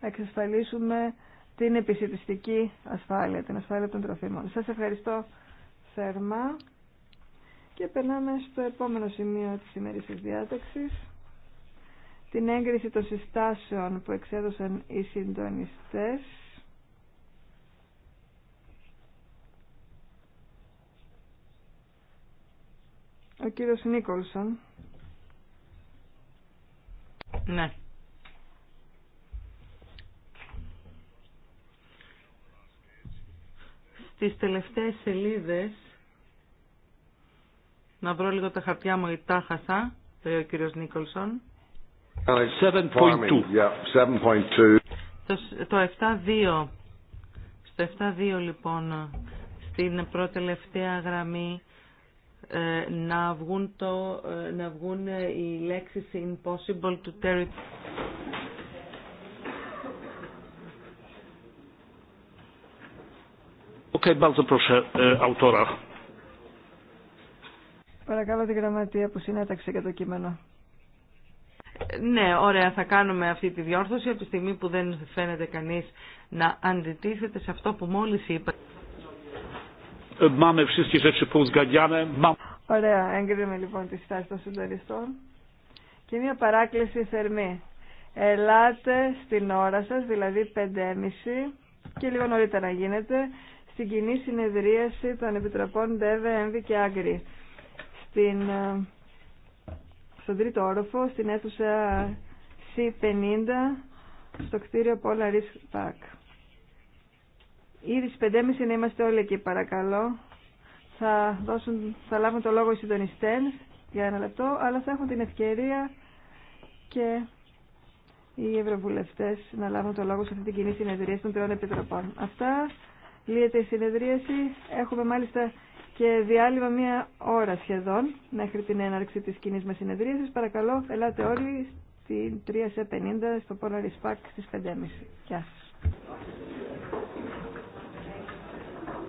εξασφαλίσουμε την επισητιστική ασφάλεια, την ασφάλεια των τροφίμων. Σας ευχαριστώ θερμά. Και περνάμε στο επόμενο σημείο της σημερινής διάταξης. Την έγκριση των συστάσεων που εξέδωσαν οι συντονιστές. Ο κύριος Νίκολσον. Ναι. Στις τελευταίες σελίδες να βρω λίγο τα χαρτιά μου, ή τα χασά, λέει ο κύριος Νίκολσον. 7.2. Uh, το 7.2. Στο 7.2 λοιπόν, στην προτελευταία γραμμή, ε, να βγουν, το, ε, να βγουν ε, οι λέξεις impossible to Terry. Okay, bardzo proszę autora. Παρακαλώ την γραμματεία που συνέταξε για το κείμενο. Ναι, ωραία, θα κάνουμε αυτή τη διόρθωση από τη στιγμή που δεν φαίνεται κανείς να αντιτίθεται σε αυτό που μόλις είπα. Ωραία, Έγκριμε λοιπόν τη στάση των συντονιστών. Και μια παράκληση θερμή. Ελάτε στην ώρα σας, δηλαδή 5.30 και λίγο νωρίτερα γίνεται, στην κοινή συνεδρίαση των Επιτροπών ΔΕΒΕ, ΕΜΒΙ και Άγκρη στην, ε, στον τρίτο όροφο, στην αίθουσα C50, στο κτίριο Polaris Park. Ήδη στις 5.30 να είμαστε όλοι εκεί παρακαλώ. Θα, δώσουν, θα λάβουν το λόγο οι συντονιστές για ένα λεπτό, αλλά θα έχουν την ευκαιρία και οι ευρωβουλευτές να λάβουν το λόγο σε αυτή την κοινή συνεδρία των τριών επιτροπών. Αυτά λύεται η συνεδρίαση. Έχουμε μάλιστα και διάλειμμα μία ώρα σχεδόν μέχρι την έναρξη της κοινή μας συνεδρίασης. Παρακαλώ, ελάτε όλοι στην 350 στο Polaris Park στις 5.30. Γεια σας.